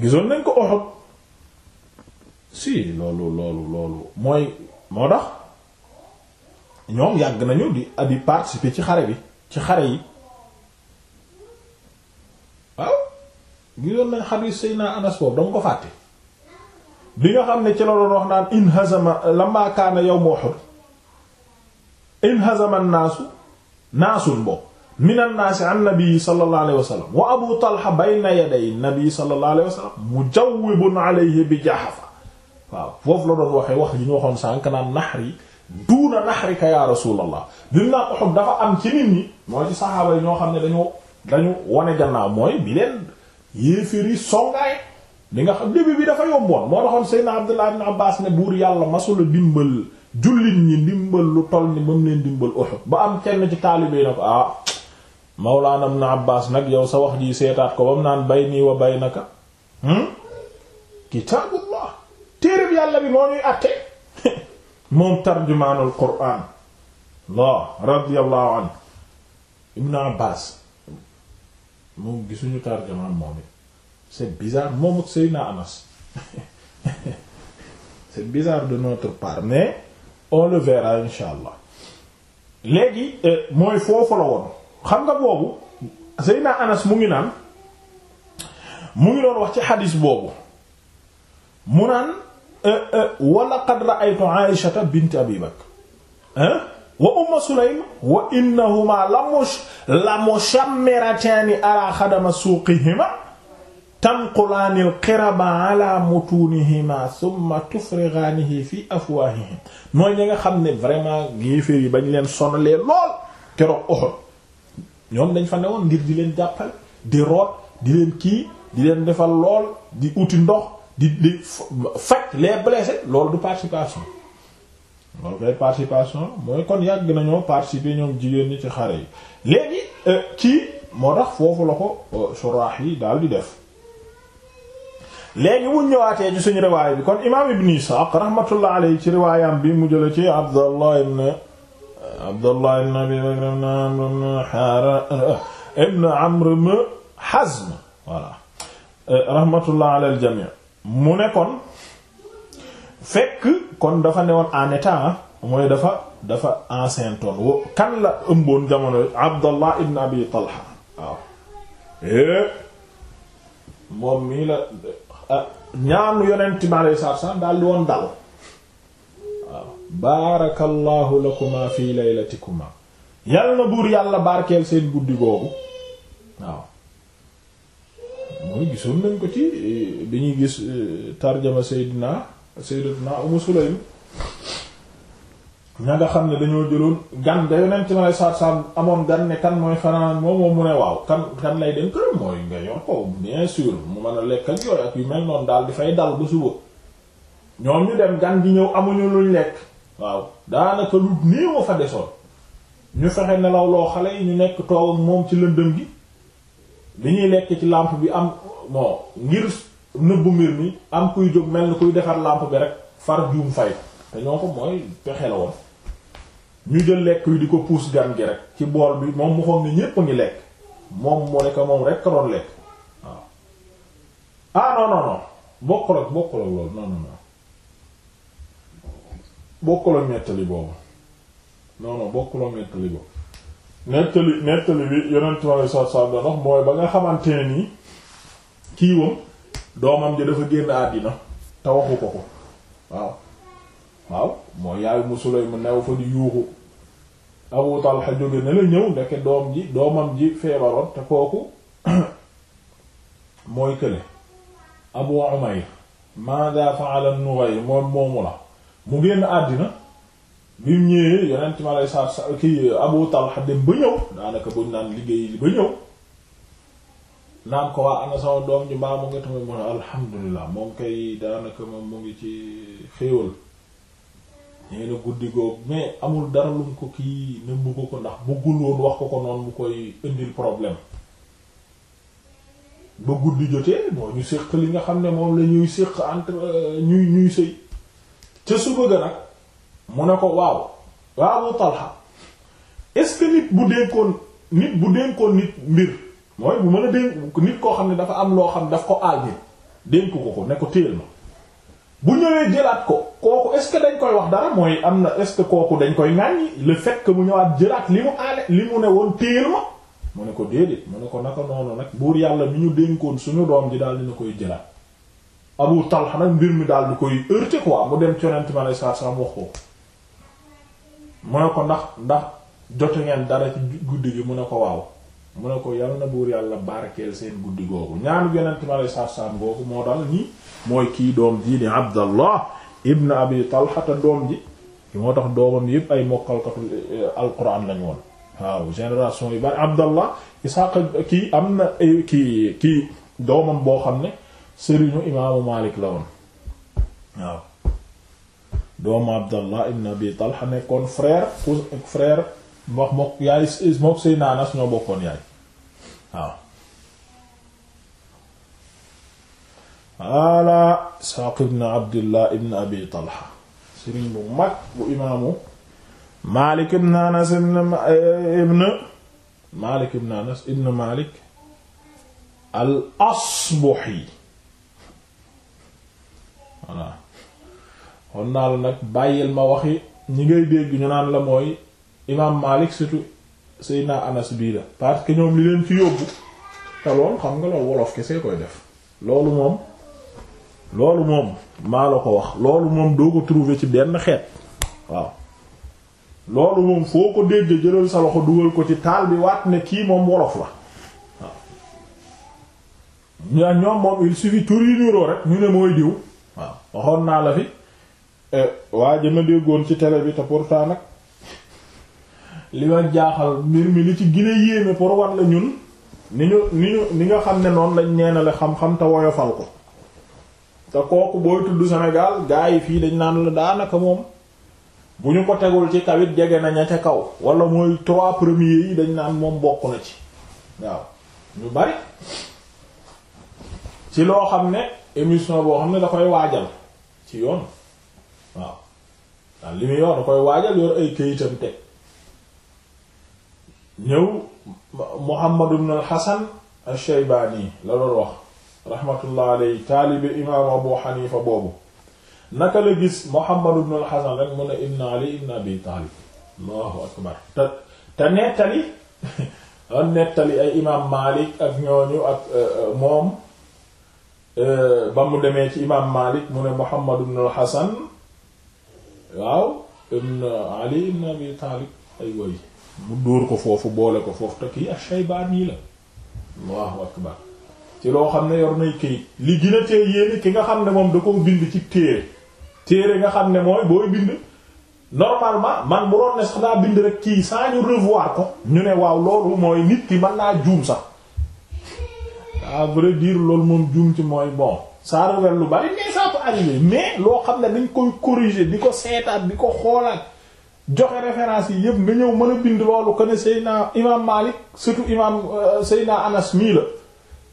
gisoon nañ ko Uhud si loolu loolu loolu mooy moo tax ñoom yàgg nañu di abi participer ci xare bi ci xare yi waaw gisoon nañ xadiis Seydina naa boobu dama ko fàtte bi nga xam ne ci la doon wax naan inhazama lamma kaana yawm Uhud inhazama naasu naasun boo min annaasi an nabii sallallahu alayhi wa sallam wa abu talha bayna yaday nabii sallallahu alayhi wa sallam mujawwibun alayhi bi jahafa waaw foofu la doon waxee wax yi ñu waxoon sànq naan naxari duuna naxarika ya rasulallah lim naa Uhud dafa am ci nit ñi mooy ci saxaaba ñoo xam ne dañu dañu wane mooy bi leen yéefiri songaay li nga xam début bi dafa yomboon moo taxoon Seydina Abdullah ibn Abbas ne buur yàlla masula dimbal jullit ñi dimbal lu toll ni ba mu leen dimbal Uhud ba am kenn ci taalibe na ko ah nag yow sa wax ji seetaat ko ba naan bayni wa baynaka hmm? kitaabullah téereb yàlla bi (laughs) moom tarjumaanul quraan la radiyallahu moom gisuñu tarjumaan moom it c'est bizarre moom moo Seydina Anas (laughs) c'est bizarre de notre part mais on le verra insha allah léegi euh, mooy foofu la woon xam nga boobu Seydina Anas mu ngi naan mu ngi doon wax ci xadis boobu mu naan euh, euh, wala qad ra'aytu Aïshata bint Abi wa innahuma la mush la mushammirataani ala xadama suuqihima tanqulaani alxiraba ala mutuunihima summa tufrigaanihi fi afwaahihim mooy ñi nga xam ne vraiment yéeféer yi bañ leen sonalee lool keroog Uhud ñoom dañ fa ne woon ngir di leen jàppal di root di leen kii di leen defal lool di uti ndox di di faj les blessés loolu du participation loolu mooy kon yàgg nañoo participer ñoom jigéen ñi ci xare yi léegi euh, kii moo tax foofu la ko euh, suraax yi daal di def léegi mu ñëwaatee ci suñu riwaay bi kon imaam ibn Isaaq rahmatullah alayhi ci riwaayam bi mu jële ci Abdallah ibn Abdallah ibn Abi Bakr ibn Amr ibn Haram ibn Amr ibn Hazm voilà rahmatullah ala al jami' mu ne kon fekk kon dafa newoon en état mooy dafa dafa enceinte wo kan la ëmboon jamono Abdallah ibn Abi Talha waaw eh, moom mii la Ah, ñaanu yonent bi alayhi salaatu salaam daal di woon dal waaw baarakallahu lakuma fi laylatikuma yal na buur yàlla barkeel seen guddi googu waaw mooy gisoon nañ ko ci eh, bi ñuy gis eh, tarjama seydina seydatuna Umu Sulaym ña nga xam ne dañoo jëloon gan da yonent ma lay saab amoon gan ne kan mooy fanaan moom moom mu ne waaw kan kan lay dem këram mooy nga yor ko bien sûr lekk ak yooyu yu mel noonu daal di fay dal ba suba ñoom ñu dem gan bi ñëw amuñu luñ lekk waaw daanaka lu nii fa desoon ñu fexe nelaw loo xale yi ñu nekk toog moom ci lëndëm gi li ñuy lekk ci lampe bi am bon ngir nëbbu mbir mi am kuy jóg mel ni kuy defar lampe bi rek far juum fay te ñoo ko mooy pexe la woon ñu jël lekk yu di ko puus gan gi rek ci bool bi moom mu xool ni ñépp a ngi lekk moom mu nekk moom rek ka doon lekk waaw ah non non bokkul ak bokkul ak loolu non non bokkul ak nettali boobu nettali nettali bi yeneen tubaab yi sax sax doon mooy ba nga xamante ne nii kiiwam doomam ji dafa génn àddina te waxu ko ko waaw. waaw mooy yaay mu Sulaym mu new fa di yuuxu Abu Talha jóge na la ñëw ndeke doom ji doomam ji feebaroon te kooku (coughs) mooy kële Abu Umayr maada fa'ala Nughayr moom moomu la mu génn àddina bi mu ñëwee yonent daanaka buñ naan liggéey ba ñëw naan ko waa ana sama doom ji mbaa mu nga tamit mu ne moom kay daanaka moom mu ngi ci xéewal nee la guddi googu mais amul dara lu mu ko kii ne bëgg ko ndax bëggul woon wax ko ko noonu mu koy indil problème ba guddi jotee moo ñu séq li nga xam ne moom la ñuy séq entre euh, ñuy ñuy sëy ca su bëgg nag mu ne ko waaw waaw Talha est-ce que nit bu dénkoon nit bu dénkoon nit mbir mooy bu mën a dénk nit koo xam ne dafa am loo xam daf ko aal nit ko ko ne ko téel ma bu ñëwee jëlaat ko kooku est-ce dañ koy wax dara mooy am na est kooku dañ koy ŋàññi le fekk bu mu ñëwaat jëlaat li mu aale li mu ne woon téyel ma mu ne ko déedéet mu ne ko naka noonu nag buur yàlla mi ñu dénkoon suñu doom ji daal dina koy jëlaat Abu Talha nag mbir mi daal di koy heurter quoi mu dem ci yonent mi alayhi salaam wax ko mu ne ko ndax ndax jotu ngeen dara ci guddi gi mu ne ko waaw mu ne ko yal na buur yàlla barkeel seen guddi googu ñaanu yonent mi alayhi salaam googu moo dal nii mooy kii doom jii di Abdallah ibn Abi Talha te doom ji moo tax doomam yëpp ay mokkalkatu eh, alquran lañu woon waaw génération yi bari Abdallah Isaaq kii am na eh, kii kii doomam boo xam ne sëriñu imaamu Maalik la woon waaw doomu Abdallah ibn Abi Talha nekkoon frère frère wax mook yaay mook Seydina Anas ñoo bokkoon yaay waaw ala Isaaq ibn Abdillah ibn Abi Talha sëriñ bu mag bu imaamu Maalik ibn Anas ibn eh, Maalik al Asbahi voilà xon naa la nag bàyyil ma waxi ñi ngay dégg ñu naan la mooy imaam Maalik surtout Seydina Anas bii la parce que ñoom li leen ci yóbbu te lool xam nga loolu wolof kese koy def loolu moom loolu moom maa la ko wax loolu moom doo ko trouver ci benn xeet waaw loolu moom foo ko dégg jëlal sa loxo dugal ko ci taal bi waat ne kii moom wolof la waaw ñoom moom il suffit tur yi niroo rek ñu ne mooy diw waaw waxoon naa la fi eh, waa na déggoon ci télé bi te pourtant nag li ma jaaxal mbir mi li ci gën a yéeme pour war la ñun ni ñu ni ñu ni nga xam ne noonu lañ neenale xam-xam te woyofal ko te kooku booy tudd Sénégal gars yi fii dañ naan la daanaka moom bu ñu ko tegul ci kawit jege nañ ña ca kaw wala mooy trois premiers yi dañ naan moom bokk na ci waaw ñu bari ci loo xam ne émission boo xam ne da koy waajal ci yoon waaw waaw li muy yor da koy waajal yor ay këyitam teg ñëw Muhammad ibn al-Hasan al-Shaybani la doon wax rahmatullah alayhi taalibe imaam abu xanifa boobu naka la gis muhammad ibn al-hasan rek a ali ibn mu demee ci imaam ne ibn ali ibn abi taalib (laughs) ay euh, euh, euh, woy mu dóor ko foofu boole ko foofu te kii ash-shaybani la allahu akbar loo xam ne yor nay këyit li gën a yéene ki nga xam ne moom da ko bind ci téere téere nga xam ne mooy booy bind normalement man bu doon ne sax daa bind rek kii saa ñu revoir ko ñu ne waaw loolu mooy nit ki mën naa juum sax à vrai dire loolu moom juum ci mooy bon ça révèle lu bari mais loo xam ne dañ koy corriger di ko seetaat di ko xoolaat joxe référence yi yëpp nga ñëw mën a bind loolu que ne Seyna Imam Malik surtout Imam euh, Seyna Anas mii la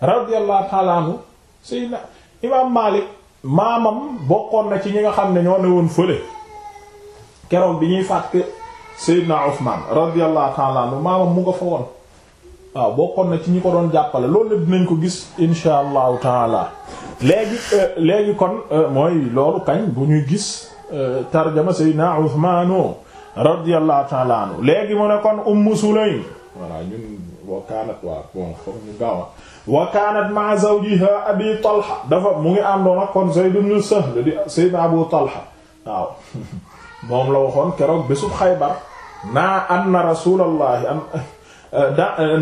radiyallahu ta'ala anhu sayyidina imaam Maalik maamam bokkoon na ci ñi nga xam ne ñoo ne woon fële keroog bi ñuy fàtte sayyidina Usmaan radiyallahu ta'ala maamam mu nga fa woon waaw bokkoon na ci ñi ko doon jàppale loolu dinañ ko gis insha allahu taala léegi euh, léegi kon euh, mooy loolu kañ bu ñuy gis euh, tarjama sayyidina Usmaanu radiyallahu taala léegi mu ne kon Ummu Sulaym voilà ñun boo kaanat waa bon foog ñu gaawa wa kaanat ma'a zawjiha abi talha dafa mu ngi àndoon ak kon zayd ibn sahl di sayyid abu talha waaw (laughs) moom la waxoon keroog bésub xaybar naa anna rasulallahi am (laughs)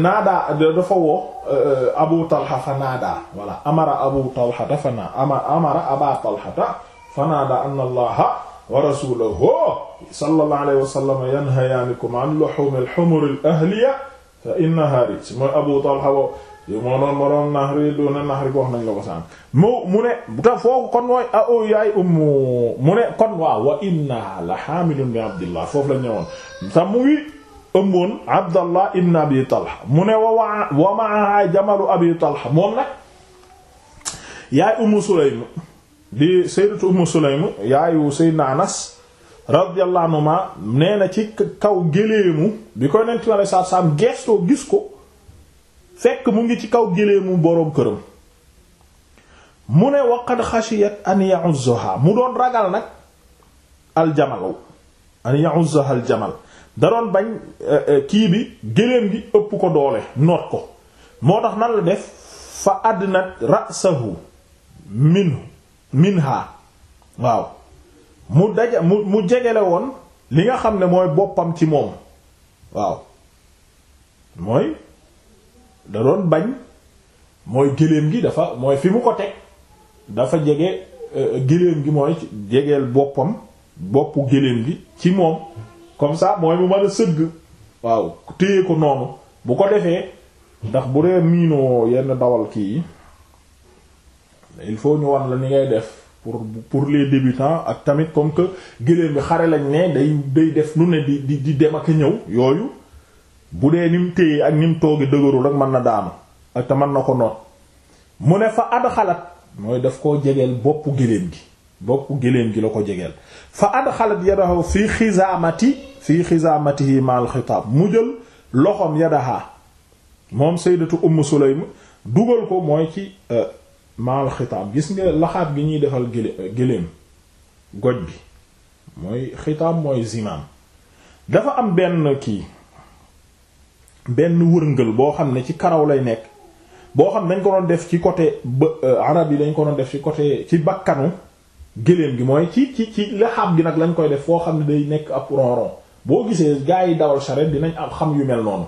naadaa dafa woo eh, abu talha fa naadaa wala amara abu talha fa naa amara aba talha fa naadaa anna allaha wa rasulahu sallallahu alayhi wa sallam yanhayaanikum an luhum al-humur al-ahliya fa innaha rijs mooy abu talha moo doon moo doon naxari doon na naxari ko wax nañ la ko sànq mu mu ne ta foofu kon mooy a ah, oh, yaay ummu mu ne kon waaw wa inna la xaamilun bi abdillah foofu la ñëwoon sax mu ngi ëmboon abdallah ibn abi abi talha moom nag yaay ummu sulaym di sayyidatu ummu sulaym yaayu sayyidina anas radiyallahu anhuma nee na ci kaw géléemu bi koy nent mi alei satu geestoo gis ko fekk mu ngi ci kaw géléemu boroom këram mu ne waqad xashiyat an mu doon ragal nag aljamalu an ya'uzzaha aljamal da doon bañ eh, eh, kii bi géléem gi ëpp ko doole noot ko moo tax nan la def fa àddina ra'sahu minhu minha waaw mu daja mu mu jegele woon li nga xam ne mooy boppam ci moom waaw mooy da doon bañ mooy géléem gi dafa mooy fi mu ko teg dafa jege euh, géléem gi mooy jegeel boppam boppu géléem gi ci moom comme ça mooy mu mën a sëgg waaw téye ko noonu bu ko defee ndax bu dee miinoo yenn dawal kii yi il faut ñu wan la ni ngay def pour pour les débutants ak tamit comme que géléem bi xare lañ ne day day def lu ne di di di dem ak ñëw yooyu bu dee ni mu téye ak ni mu toogi dëgërul rek mën na daanu ak te mën na ko noot mu ne fa xalaat mooy def ko jegeel boppu géléem gi boppu géléem gi la ko jegeel fa xalaat yadahu fii xizaamati fii xizaamatihi mal xitaab mu jël loxoom yadaha moom sayyidatu umm sulaym dugal ko mooy ci euh, mal xitaab gis nga laxaab gi ñuy defal gélé euh, géléem goj bi mooy xitaab mooy zimaam dafa am benn kii benn wërngël boo xam ne ci karaw lay nekk boo xam ne dañ ko doon def ci côté ba euh, arab yi dañ ko doon def ci côté ci bakkanu gëléem gi mooy ci ci ci laxaab gi nag lañ koy def foo xam ne day nekk ab ronron boo gisee gaa yi dawal charrette dinañ am xam yu mel noonu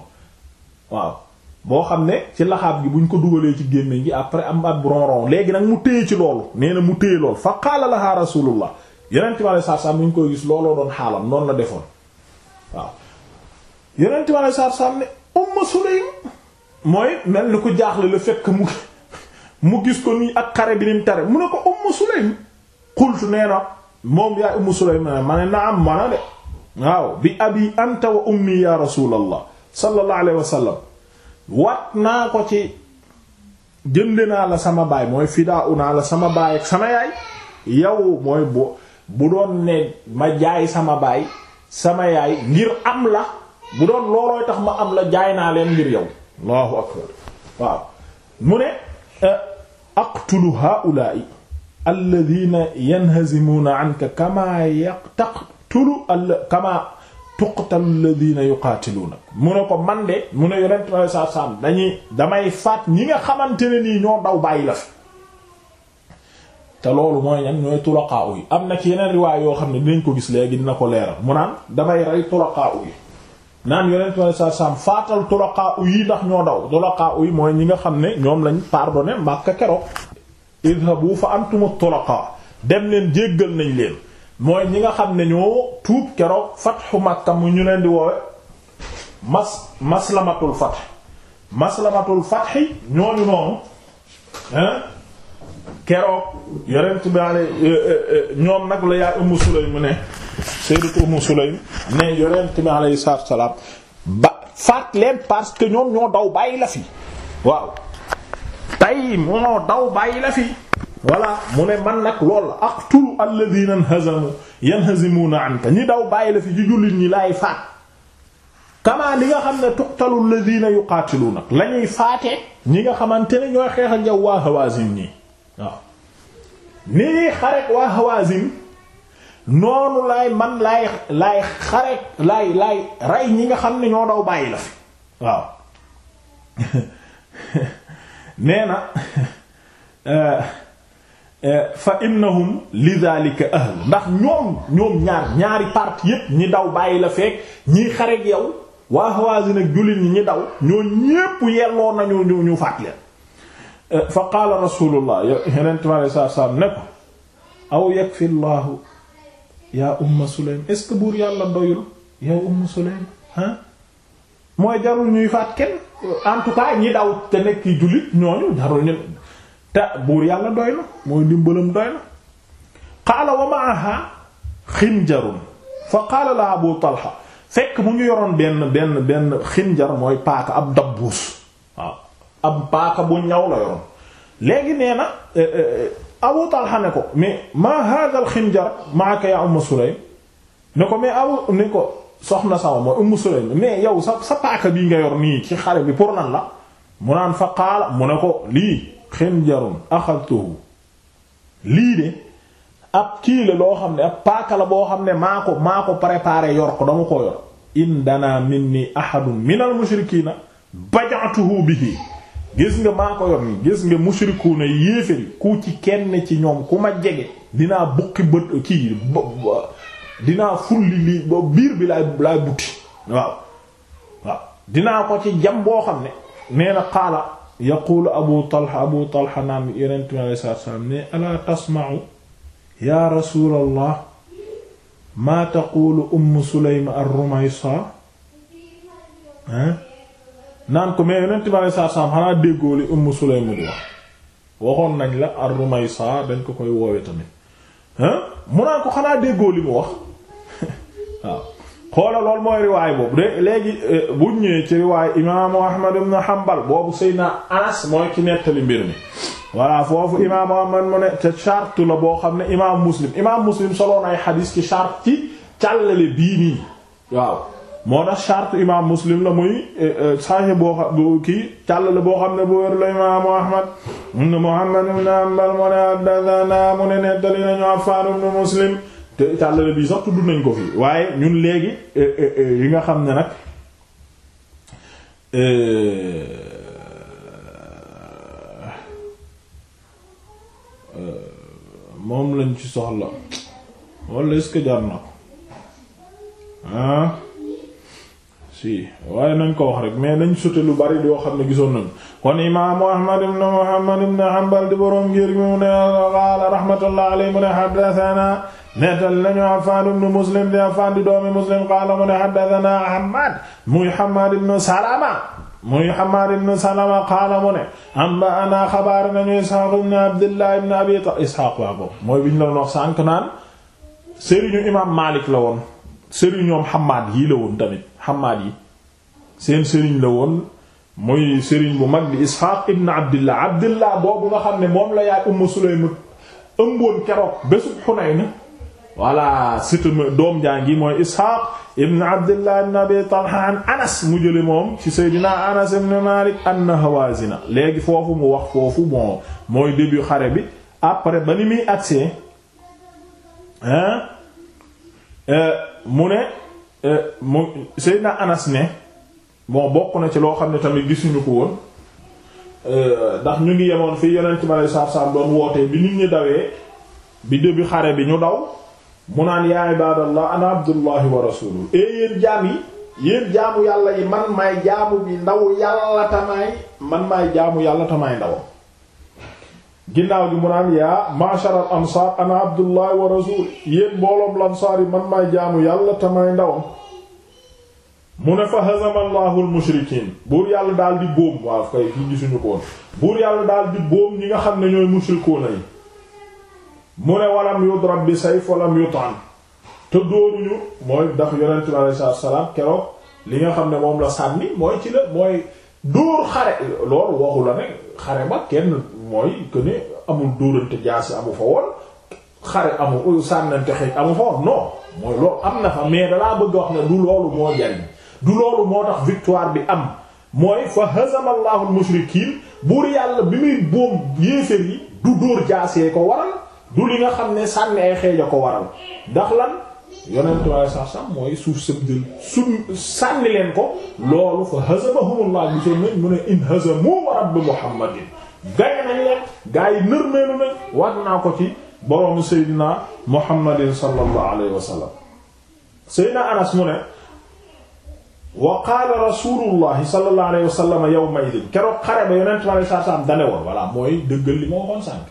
waaw boo xam ne ci laxaab gi buñ ko dugalee ci gémmiñ gi après am ab ronron léegi nag mu téye ci loolu nee na mu téye loolu fa qaala laha rasulullah yeneen i saa saa mi ngi koy gis looloo doon xaalam noonu la defoon waaw ne. Umm Sulaym mooy mel ni ku jaaxle la fait mu mu gis ko nii ak xare bi ni mu tare mu ne ko Umm Sulaym qultu nee na moom yaay Umm Sulaym ma ne naam ma ne de waaw bi abi anta wa ummi ya rasulallah sallallahu alayhi wa wat naa ko ci jënd naa la sama baay mooy fidaa u naa la sama baay ak sama yaay yow mooy bu bu doon ne ma jaay sama baay sama yaay ngir am la bu doon loolooy tax ma am la jaay naa leen ngir yow allahu akbar waaw mu ne aqtulu haa'ulaa'i alladhiina yanhazimuuna anka kamaa taqtulu kamaa tuqtalu alladhiina yuqaatiluunak mu ne ko man de mu ne yonent bi alayhi salaatu salaam dañuy damay faat ñi nga xamante ne nii ñoo daw bàyyi la fi te loolu mooy ñan ñooy tulaqaa yi am na ci yeneen riwaay yoo xam ne dinañ ko gis léegi dina ko leeral mu naan damay rey tulaqaa yi naan yonent bi saam faatal tulaqaa u yi ndax ñoo daw tulaqaa u yi mooy ñi nga xam ne ñoom lañ pardonné Makka keroog idhabu fa antumu tulaqaa dem leen jéggal nañ leen mooy ñi nga xam ne ñoo tuub keroog fatxu Makka mu ñu leen di woowe mas maslamatul fath maslamatul fathi ñooñu noonu hein keroog yonent bi ale e, e, e, ñoom nag la yaay Ummu Sulaym ne Sayyidatu Ummu Sulaym ne yonent bi alayhi salaatu salaam ba faat leen parce que ñoom ñoo daw bàyyi la fi waaw tey moo daw bàyyi la fi voilà mu ne man nag lool ak la aqtulu alladhina hazamu yanhazimuna anka ñi daw bàyyi la fi ci jullit ñi laay faat kamaa li nga xam ne tuqtalu alladhina yuqaatilunak lañuy faate ñi nga xamante ne ñooy xeex ak yow waa Hawazin ñi waaw nii xareek waa Hawazin noonu laay man lay laay xareek laay laay rey ñi nga xam ne ñoo daw bàyyi la fi waaw (laughs) nee na (laughs) euh, euh, fa innahum li daalika ahl ndax ñoom ñoom ñaar ñaari part yépp ñi daw bàyyi la feek ñiy xareek yow waa Hawazin ak jullit ñi ñi daw ñoo ñépp yelloo nañu ñu ñu faat fa qaala rasulullah yonent mi alei satu salaam ne ko aw yakfi llahu yaa umma sulaym est-ce que buur yàlla doyul yaa umma sulaym ah mooy jarul ñuy faat kenn en tout cas ñi daw te nekk jullit ñooñu jarul ñu te buur yàlla doy na mooy ndimbalam doy na qaala wa maaha xinjarun fa qaala la abu talha fekk mu ñu yoroon benn benn benn xinjar mooy paaka ab dabbuus waaw am paaka bu ñaw la yoroon léegi nee na eh, eh, eh, Abu Talha ne ko mais ma hadal xinjar maaka ya Umm Sulaym ne ko mais abu ne ko soxna sama mooy Umm Sulaym mais yow sa sa paaka bii nga yor nii ci xare bi pour nan la mu naan fa qaala mu ne ko lii xinjarun axadtuhu lii de ab kii la loo xam ne ab paaka la boo xam ne maa ko maa ko préparé yor ko dama ko yor in dana minni ahadun minal mushrikiina bajatuhu bihi gis nga maa ko yor nii gis nga mushrikuuna yéeféri ku ci kenn ci ñoom ku ma jege dinaa bukki bët dinaa fulli lii biir bi laay butti waaw waaw dinaa ko ci jam boo xam ne nee na qaala yaquulu abu talha abu talha naan yonent mi alayhi yaa rasuulallah maa taquulu umm sulaym ar-rumaysa ha naan ko mais yonent bi alayhi salaam xanaa déggoo li Umm Sulaym di wax waxoon nañ la ar-Rumaysa dañ ko koy woowe tamit mu naan ko xanaa déggoo li mu wax (laughs) waaw xoola loolu mooy riwaay boobu de léegi eh, bu ñëwee ci riwaay imaamu Ahmad ibn Hanbal boobu Seydina Anas mooy ci nettali mbir mi voilà foofu imaamu Ahmad mu ne te charte la boo xam ne imaam Muslim imaam Muslim soloon ay xadiis ci charte ci càllale bii nii waaw moo tax charte imam muslim la muy eh, eh, sahih boo xam kii càll la boo xam ne bu wér la imaamu ahmad ibn muhammad mu ne haddathana mu ne nettali nañu affan ibn muslim te càll la bii sax tudd nañ ko fii waaye ñun léegi eh, yi nga xam ne nag moom lañ ci soxla wala est jar na ko si waaye nañ ko wax rek mais nañ sute lu bari yoo xam ne gisoon nañ kon imaamu ahmad ibn muhammad ibn hanbal di boroom ngir mu ne qaala mu ne haddathana nettal nañu Affaan ibn Muslim di Affaan di doomi Muslim qaala mu ne haddathana Hammaad muy Hammaad ibn Salama muy Hammaad ibn qaala mu ne anba'anaa xabaar nañu Ishaaq ibn Abdillah ibn Abi Ishaaq waa boobu mooy bi la wax sànq naan sëriñu imaam Maalik la woon sëriñoom Hammaad yii la woon tamit Hammaad yi seen sëriñ la woon muy sëriñ bu mag di Isxaaq ibn Abdillah xam ne moom la yaay Umm Sulaym ëmboon keroog doom jaa ngi mooy Isxaaq mu jële moom ci Seydina Maalik an Hawaazina léegi foofu mu wax foofu bon mooy début xare bi après ba ni muy agse hein euh, mu ne Euh, mu Seydina Anas ne bon bokk na ci loo xam ne tamit gisuñu ko woon euh, ndax ñu ngi yemoon fii yeneen ma lay saab-saab doon wootee bi nit ñi dawee bi début xare bi ñu daw mu naan yaa ibadallah ana abdullahi wa rasuluh e eh, yéen jaam yi yéen jaamu yàlla yi man maay jaamu bi ndaw yàlla tamaay man maay jaamu yàlla tamaay ndawam ginnaaw gi mu am yaa ma'shar al ansaar ana abdullahi wa rasul mbooloom lansaar yi man maay jaamu yàlla te may ndawam mu ne fa hazama allahu buur yàlla daal di bóom waaw kay gisuñu koon buur yàlla daal di bóom ñi nga xam ne ñooy mushrikuuna yi mu ne walam yudrab bi sayf walam yutaan te dóoruñu mooy ndax yonente bi keroog li nga xam ne moom la sànni mooy ci la mooy dóor xare loolu waxu la ne xare ba kenn mooy que ne amul dóorante jaasi amu fa woon xare amu sànnante xëy amu fa woon non mooy loolu am na fa mais dalaa bëgg wax ne du loolu moo jariñ du loolu moo tax victoire bi am mooy fa hazama allahu al-mushrikiin buur yàlla bi muy boom yéeféer yi du dóor jaasee ko waral du li nga xam ne sànni ay xeeja ko waral ndax lan yonent waaye sax sax mooy suuf sëb jël suñ sànni leen ko loolu fa hazamahumullah bi seen ne in hazamu wa muhammadin gaye nañ leen gaa yi nërmeelu nañ war naa ko ci boroomu seydina muhammadin sallallahu alayhi wa sallam seydina anas mu ne wa qaala rasulullahi sallallahu alayhi wa sallam yawma idin keroog xare ba yonent bi alayhi salaam ne woon voilà mooy dëggal li ma waxoon sànk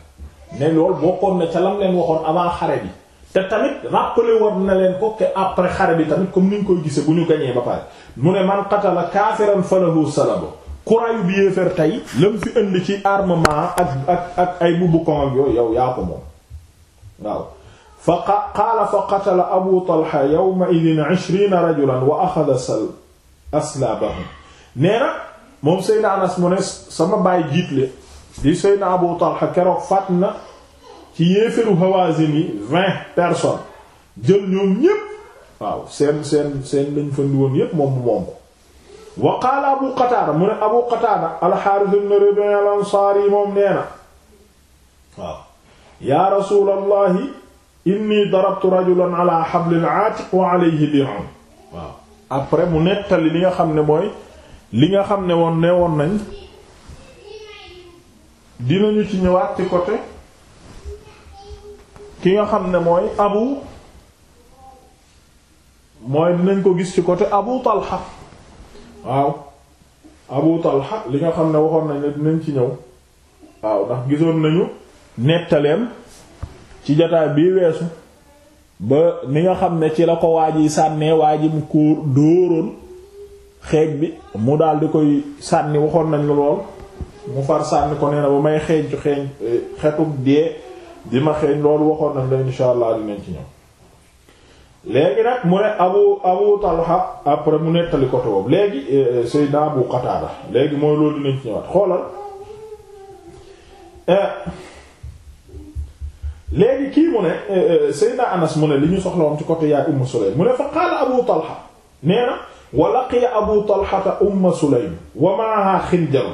ne loolu bokkoon na ca lam leen waxoon avant xare bi te tamit rappelé woon na leen ko que après xare bi tamit comme ni ñu koy gise bu ñu gañee ba pare mu ne man qatala kaafiran falahu salabu ku bi yéefar tey lam fi indi ci armement ak ak ak ay bubu kon yow yaa ko moom waaw fa qaala fa qatala abu talha yawma idin ishrina rajulan wa axada sal nee na moom seydna anas mu ne sama baay jiitle di seydna abu talha keroog faat na ci yéefaru hawazin yi vingt person jël ñoom ñépp waaw seen seen seen lañ fa ndi woon yépp moom moom ko wa qaala abu qataada mu ne abu qataada alxaaris ibn rubayh al ansaari moom nee na waaw yaa rasuulallahi inni darabtu rajulan ala xablil aatiq wa alayhi dirham waaw après mu nettali li nga xam ne mooy li nga xam ne woon ne woon nañ dinañu ci ñëwaat ci côté ki nga xam ne mooy abu mooy dinañ ko gis ci côté abu talha waaw Abu Talha li nga xam ne waxoon nañ ne dinañ ci ñëw waaw ndax gisoon nañu nettaleem ci jataay bii weesu ba ni nga xam ne ci la ko waaj yi sànnee waaj yi mu ko dóoroon xeej bi mu daal di koy sànni waxoon nañ lool mu far sànni ko nee na ba may xeeñ eh, xeeñ xetuk dee di ma xeeñ loolu waxoon nañ la insha allah dinañ ci ñëw léegi nag mu ne abu abu talha après mu nettali côté boobu léegi euh, euh, Seydina Abu Qatada léegi mooy loolu dinañ ci ñëwaat xoolal euh, léegi kii mu ne Seydina Anas mu ne li ñu soxla woon ci côté yaay Umm Sulaym mu ne fa qaala Abu Talha nee na wa laqiya Abu Talha Umm Sulaym wa ma'aha xinjar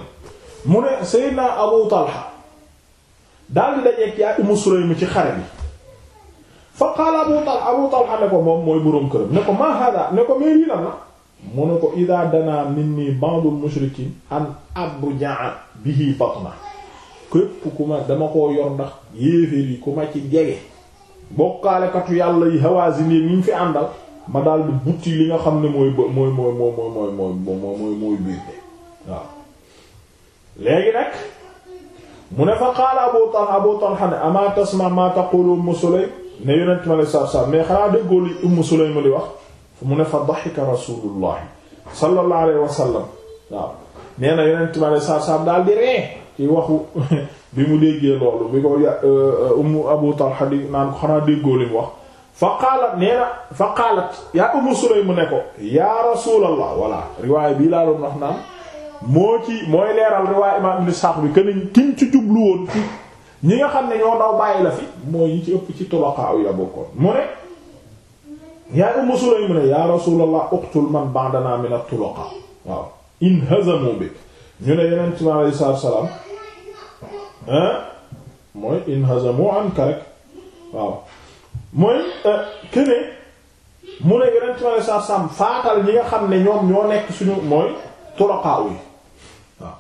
mu ne Seydina Abu Talha daal di dajeek yaay Umm Sulaym ci xare bi fa qaala abu talha ne ko moom mooy boroom këram ne ko ma hada ne ko mairie lan la mu ne ko ida dana minni ba'dul mushrikiin an abruja'a bihi batna képp ku ma dama koo yor ndax yéeféer yi ku ma ci jege bokkaalekatu yàlla yi hawazin yi ñu fi àndal ma daal di butti li nga xam ne mooy mooy mooy mooy mooy mooy mooy mooy biir de waaw léegi nag mu ne fa qaala abu talha abu talha ne ama tasma ma taqulu ne yonent mi alayhi salaam mais xanaa déggoo li Umm Sulaym li wax mu ne fa daxika rasuulullahi sallallahu alayhi wa sallam waaw nee na yonent mi alayhi salaam daal di ree ci waxu (laughs) bi mu déggee loolu bi ko euh, Umm Abu Talha di naan ko xanaa déggoo li mu wax fa qaalat nee na fa qaalat yaa Umm Sulaym ne ko ya rasuulallah voilà riwaay bii laa doon wax naan moo ci mooy leeral riwaay imaam Ibn Sa'd bi kenn kiñ ci jublu woon ci ñi nga xam ne ñoo daw bàyyi la fi mooy yi ci ëpp ci tubaqaaw yi la bokkoon mu ne yaa Ummu Sulaym mu ne yaa Rasuulallah uqtul man ba'dana min at-tulaqa waaw in hazamu ñu ne yeneen ci alayhi salaam mooy in anka rek waaw mooy kene euh, mu ne yeneen ci alayhi salaam faatal ñi nga xam ne ñoom ñoo nekk suñu mooy tulaqa yi waaw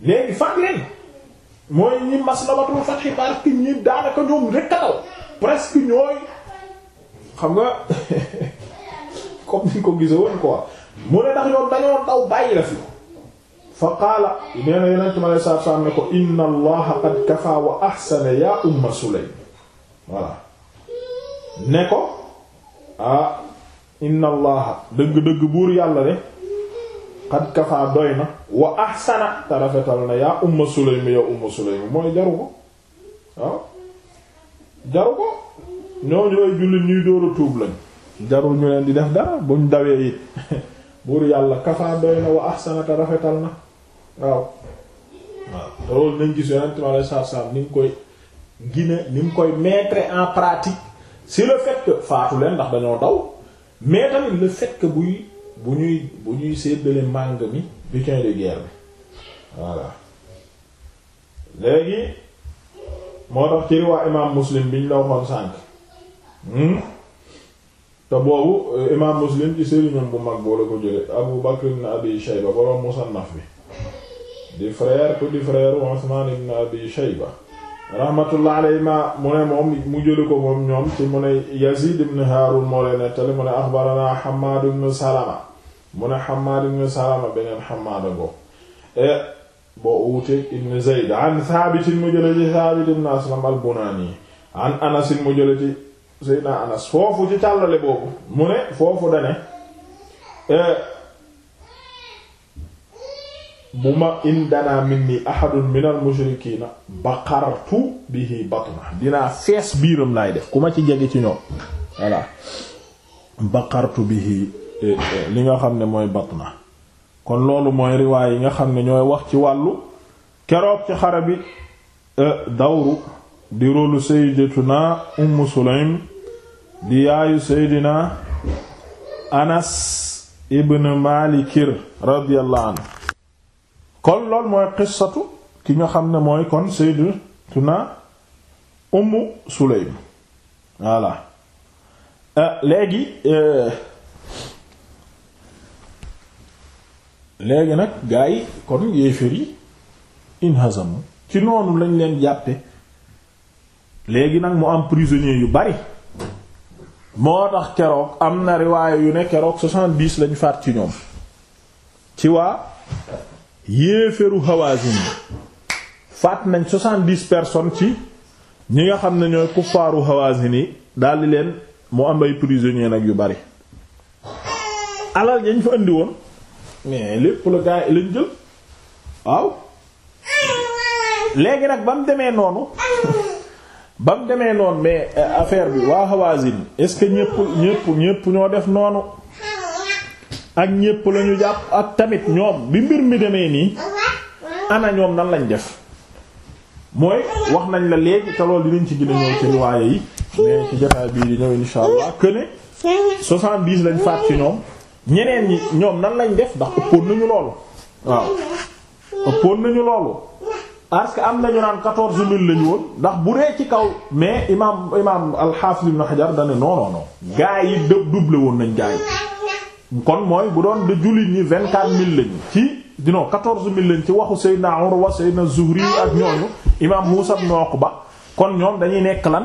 léegi faat leen mooy ñi maslamatul fathi parce que ñi daanaka ñoom rekk a daw presque ñooy xam nga (laughs) comme ni ko gise woon quoi mu ne ndax ñoom dañoo daw bàyyi la fi fa qaala nee na yonente mi alei satu salaam ne ko inna allaha qad kafa wa ahsana ya umma sulaym voilà ne ko ah inna allaha dëgg-dëgg buur yàlla de xad kafa doy na wa ahsana te rafetal na yaa umma sulaym yaa umma sulaym mooy jaru ko waaw jaru ko ñoo ñooy jullit ñuy dóor tuub lañ jarul ñu leen di def dara buñ dawee it (laughs) buur yàlla kafa doy na wa ahsana te rafetal na waaw waaw loolu nañ gis yonent mi alayhi salaatu salaam ni mu koy gine ni koy metre en pratique c'est le fait faatu leen ndax dañoo daw mais tamit le fait buy bu ñuy bu ñuy séddale màng mi butin de guerre bi voilà léegi moo tax ci riwaa imaam muslim bi ñu la waxoon sànk hmm? te boobu eh, imaam muslim ci sëriñam bu mag boo la ko jële abu bakr ibn abi shayba boroom musannaf bi di frère ku di frère usman ibn abi shayba rahmatullah alayhima mu ne moom mu jële ko moom ñoom ci mu ne yazid ibn harun moo leen nettali mu ne axbarana hamad ibn salama mu ne Hammaad ibn Salama beneen Hammaad ngo e, boo wuute ibn Zayd an Thaabit mu jële ci Thaabit ibn Aslam al-Bunaani an Anas mu jële ci Seydina Anas foofu ci càllale boobu mu ne foofu dane e, bu ma in dana minni ahadun min al mushrikiina baqartu bihi batna dinaa fees biiram laay def ku ma ci jege ci ñoom voilà baqartu bihi Eh, eh, li nga xam ne mooy batna kon loolu mooy riwaay yi nga xam ne ñooy wax ci wàllu keroog ci xare bi eh, dawru di rolu sayyidatuna umm sulaym di yaayu seydina anas ibn malikir radiyallahu anhu kon loolu mooy qissatu ki nga xam ne mooy kon sayyidatuna umm sulaym voilà léegi léegi nag gaa yi kon yéeféer yi inhazamu ci noonu lañ leen jàppe léegi nag mu am prisonnier yu bari moo tax keroog am na riwaaye yu ne keroog soixante-dix lañ faat ci ñoom ci waa yéeféeru Hawazin faat nañ soixante-dix personnes ci ñi nga xam ne ñooy kuffaaru Hawazin yi daldi leen mu am ay prisonnier nag yu bari alal jañ fa indi woon mais lépp la gaa yi lañ jël waaw léegi nag ba mu demee noonu ba mu demee noonu mais euh, affaire bi waa Hawazin est-ce que ñépp ñépp ñépp ñoo def noonu ak ñépp lañu ñu jàpp ak tamit ñoom bi mbir mi demee nii ana ñoom nan lañ def mooy wax nañ la léegi te loolu dinañ ci gën a ñëw ci riwaaya yi mais ci jotaay bii di ñëw insha allah que ne 70 lañ faat ci ñoom. ñeneen ñi ñoom nan lañ def ndax ëppoon nañu loolu waaw ëppoon nañu loolu parce que am nañu naan quatorze mille lañu woon ndax bu dee ci kaw mais imaam imaam al-Hafiz Ibn Hajar dane non non non gaa yi dëb double woon nañ gaa yi kon mooy bu doon de jullit ñi vingt-quatre mille lañu ci dino quatorze mille lañ ci waxu Seydina Urwa na Zuhri ak ñooñu imaam Muusa ibn ba kon ñoom dañuy nekk lan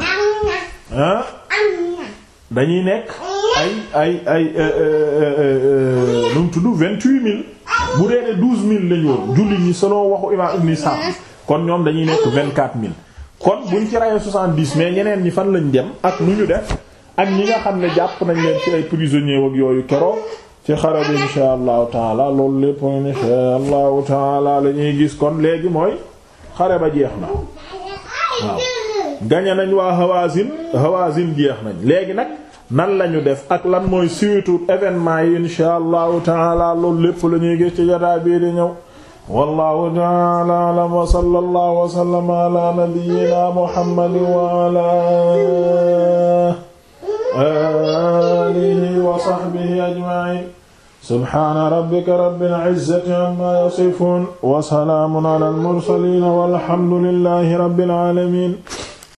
dañuy nekk ay ay ay euh, euh, euh, nu mu tudd vingt-huit mille bu dee ne douze mille lañu woon jullit ñi selon waxu imaam Ibn Sa'd kon ñoom dañuy nekk vingt-quatre mille kon buñ ci rayee soixante-dix mais ñeneen ñi fan lañu dem ak nu ñu def ak ñi nga xam ne jàpp nañ leen ci ay prisonniers ak yooyu keroog ci xare bi insha allahu taala loolu lépp insha allahu taala la ñuy gis kon léegi mooy xare ba jeex na waaw gañe nañ waa Hawazin Hawazin jeex nañ léegi nag nan lañu def ak lan mooy surtout événement yi insha allahu taala loolu lépp la ñuy gis ci jataa bii di ñëw wallahu taala alam wa sallallahu wa sallama ala nabiyyina muhammadin wa ala alihi wa sahbihi ajma'in subhana rabbika rabbil izzati amma yasifun wa salamun ala al mursalin walhamdulillahi rabbil alamin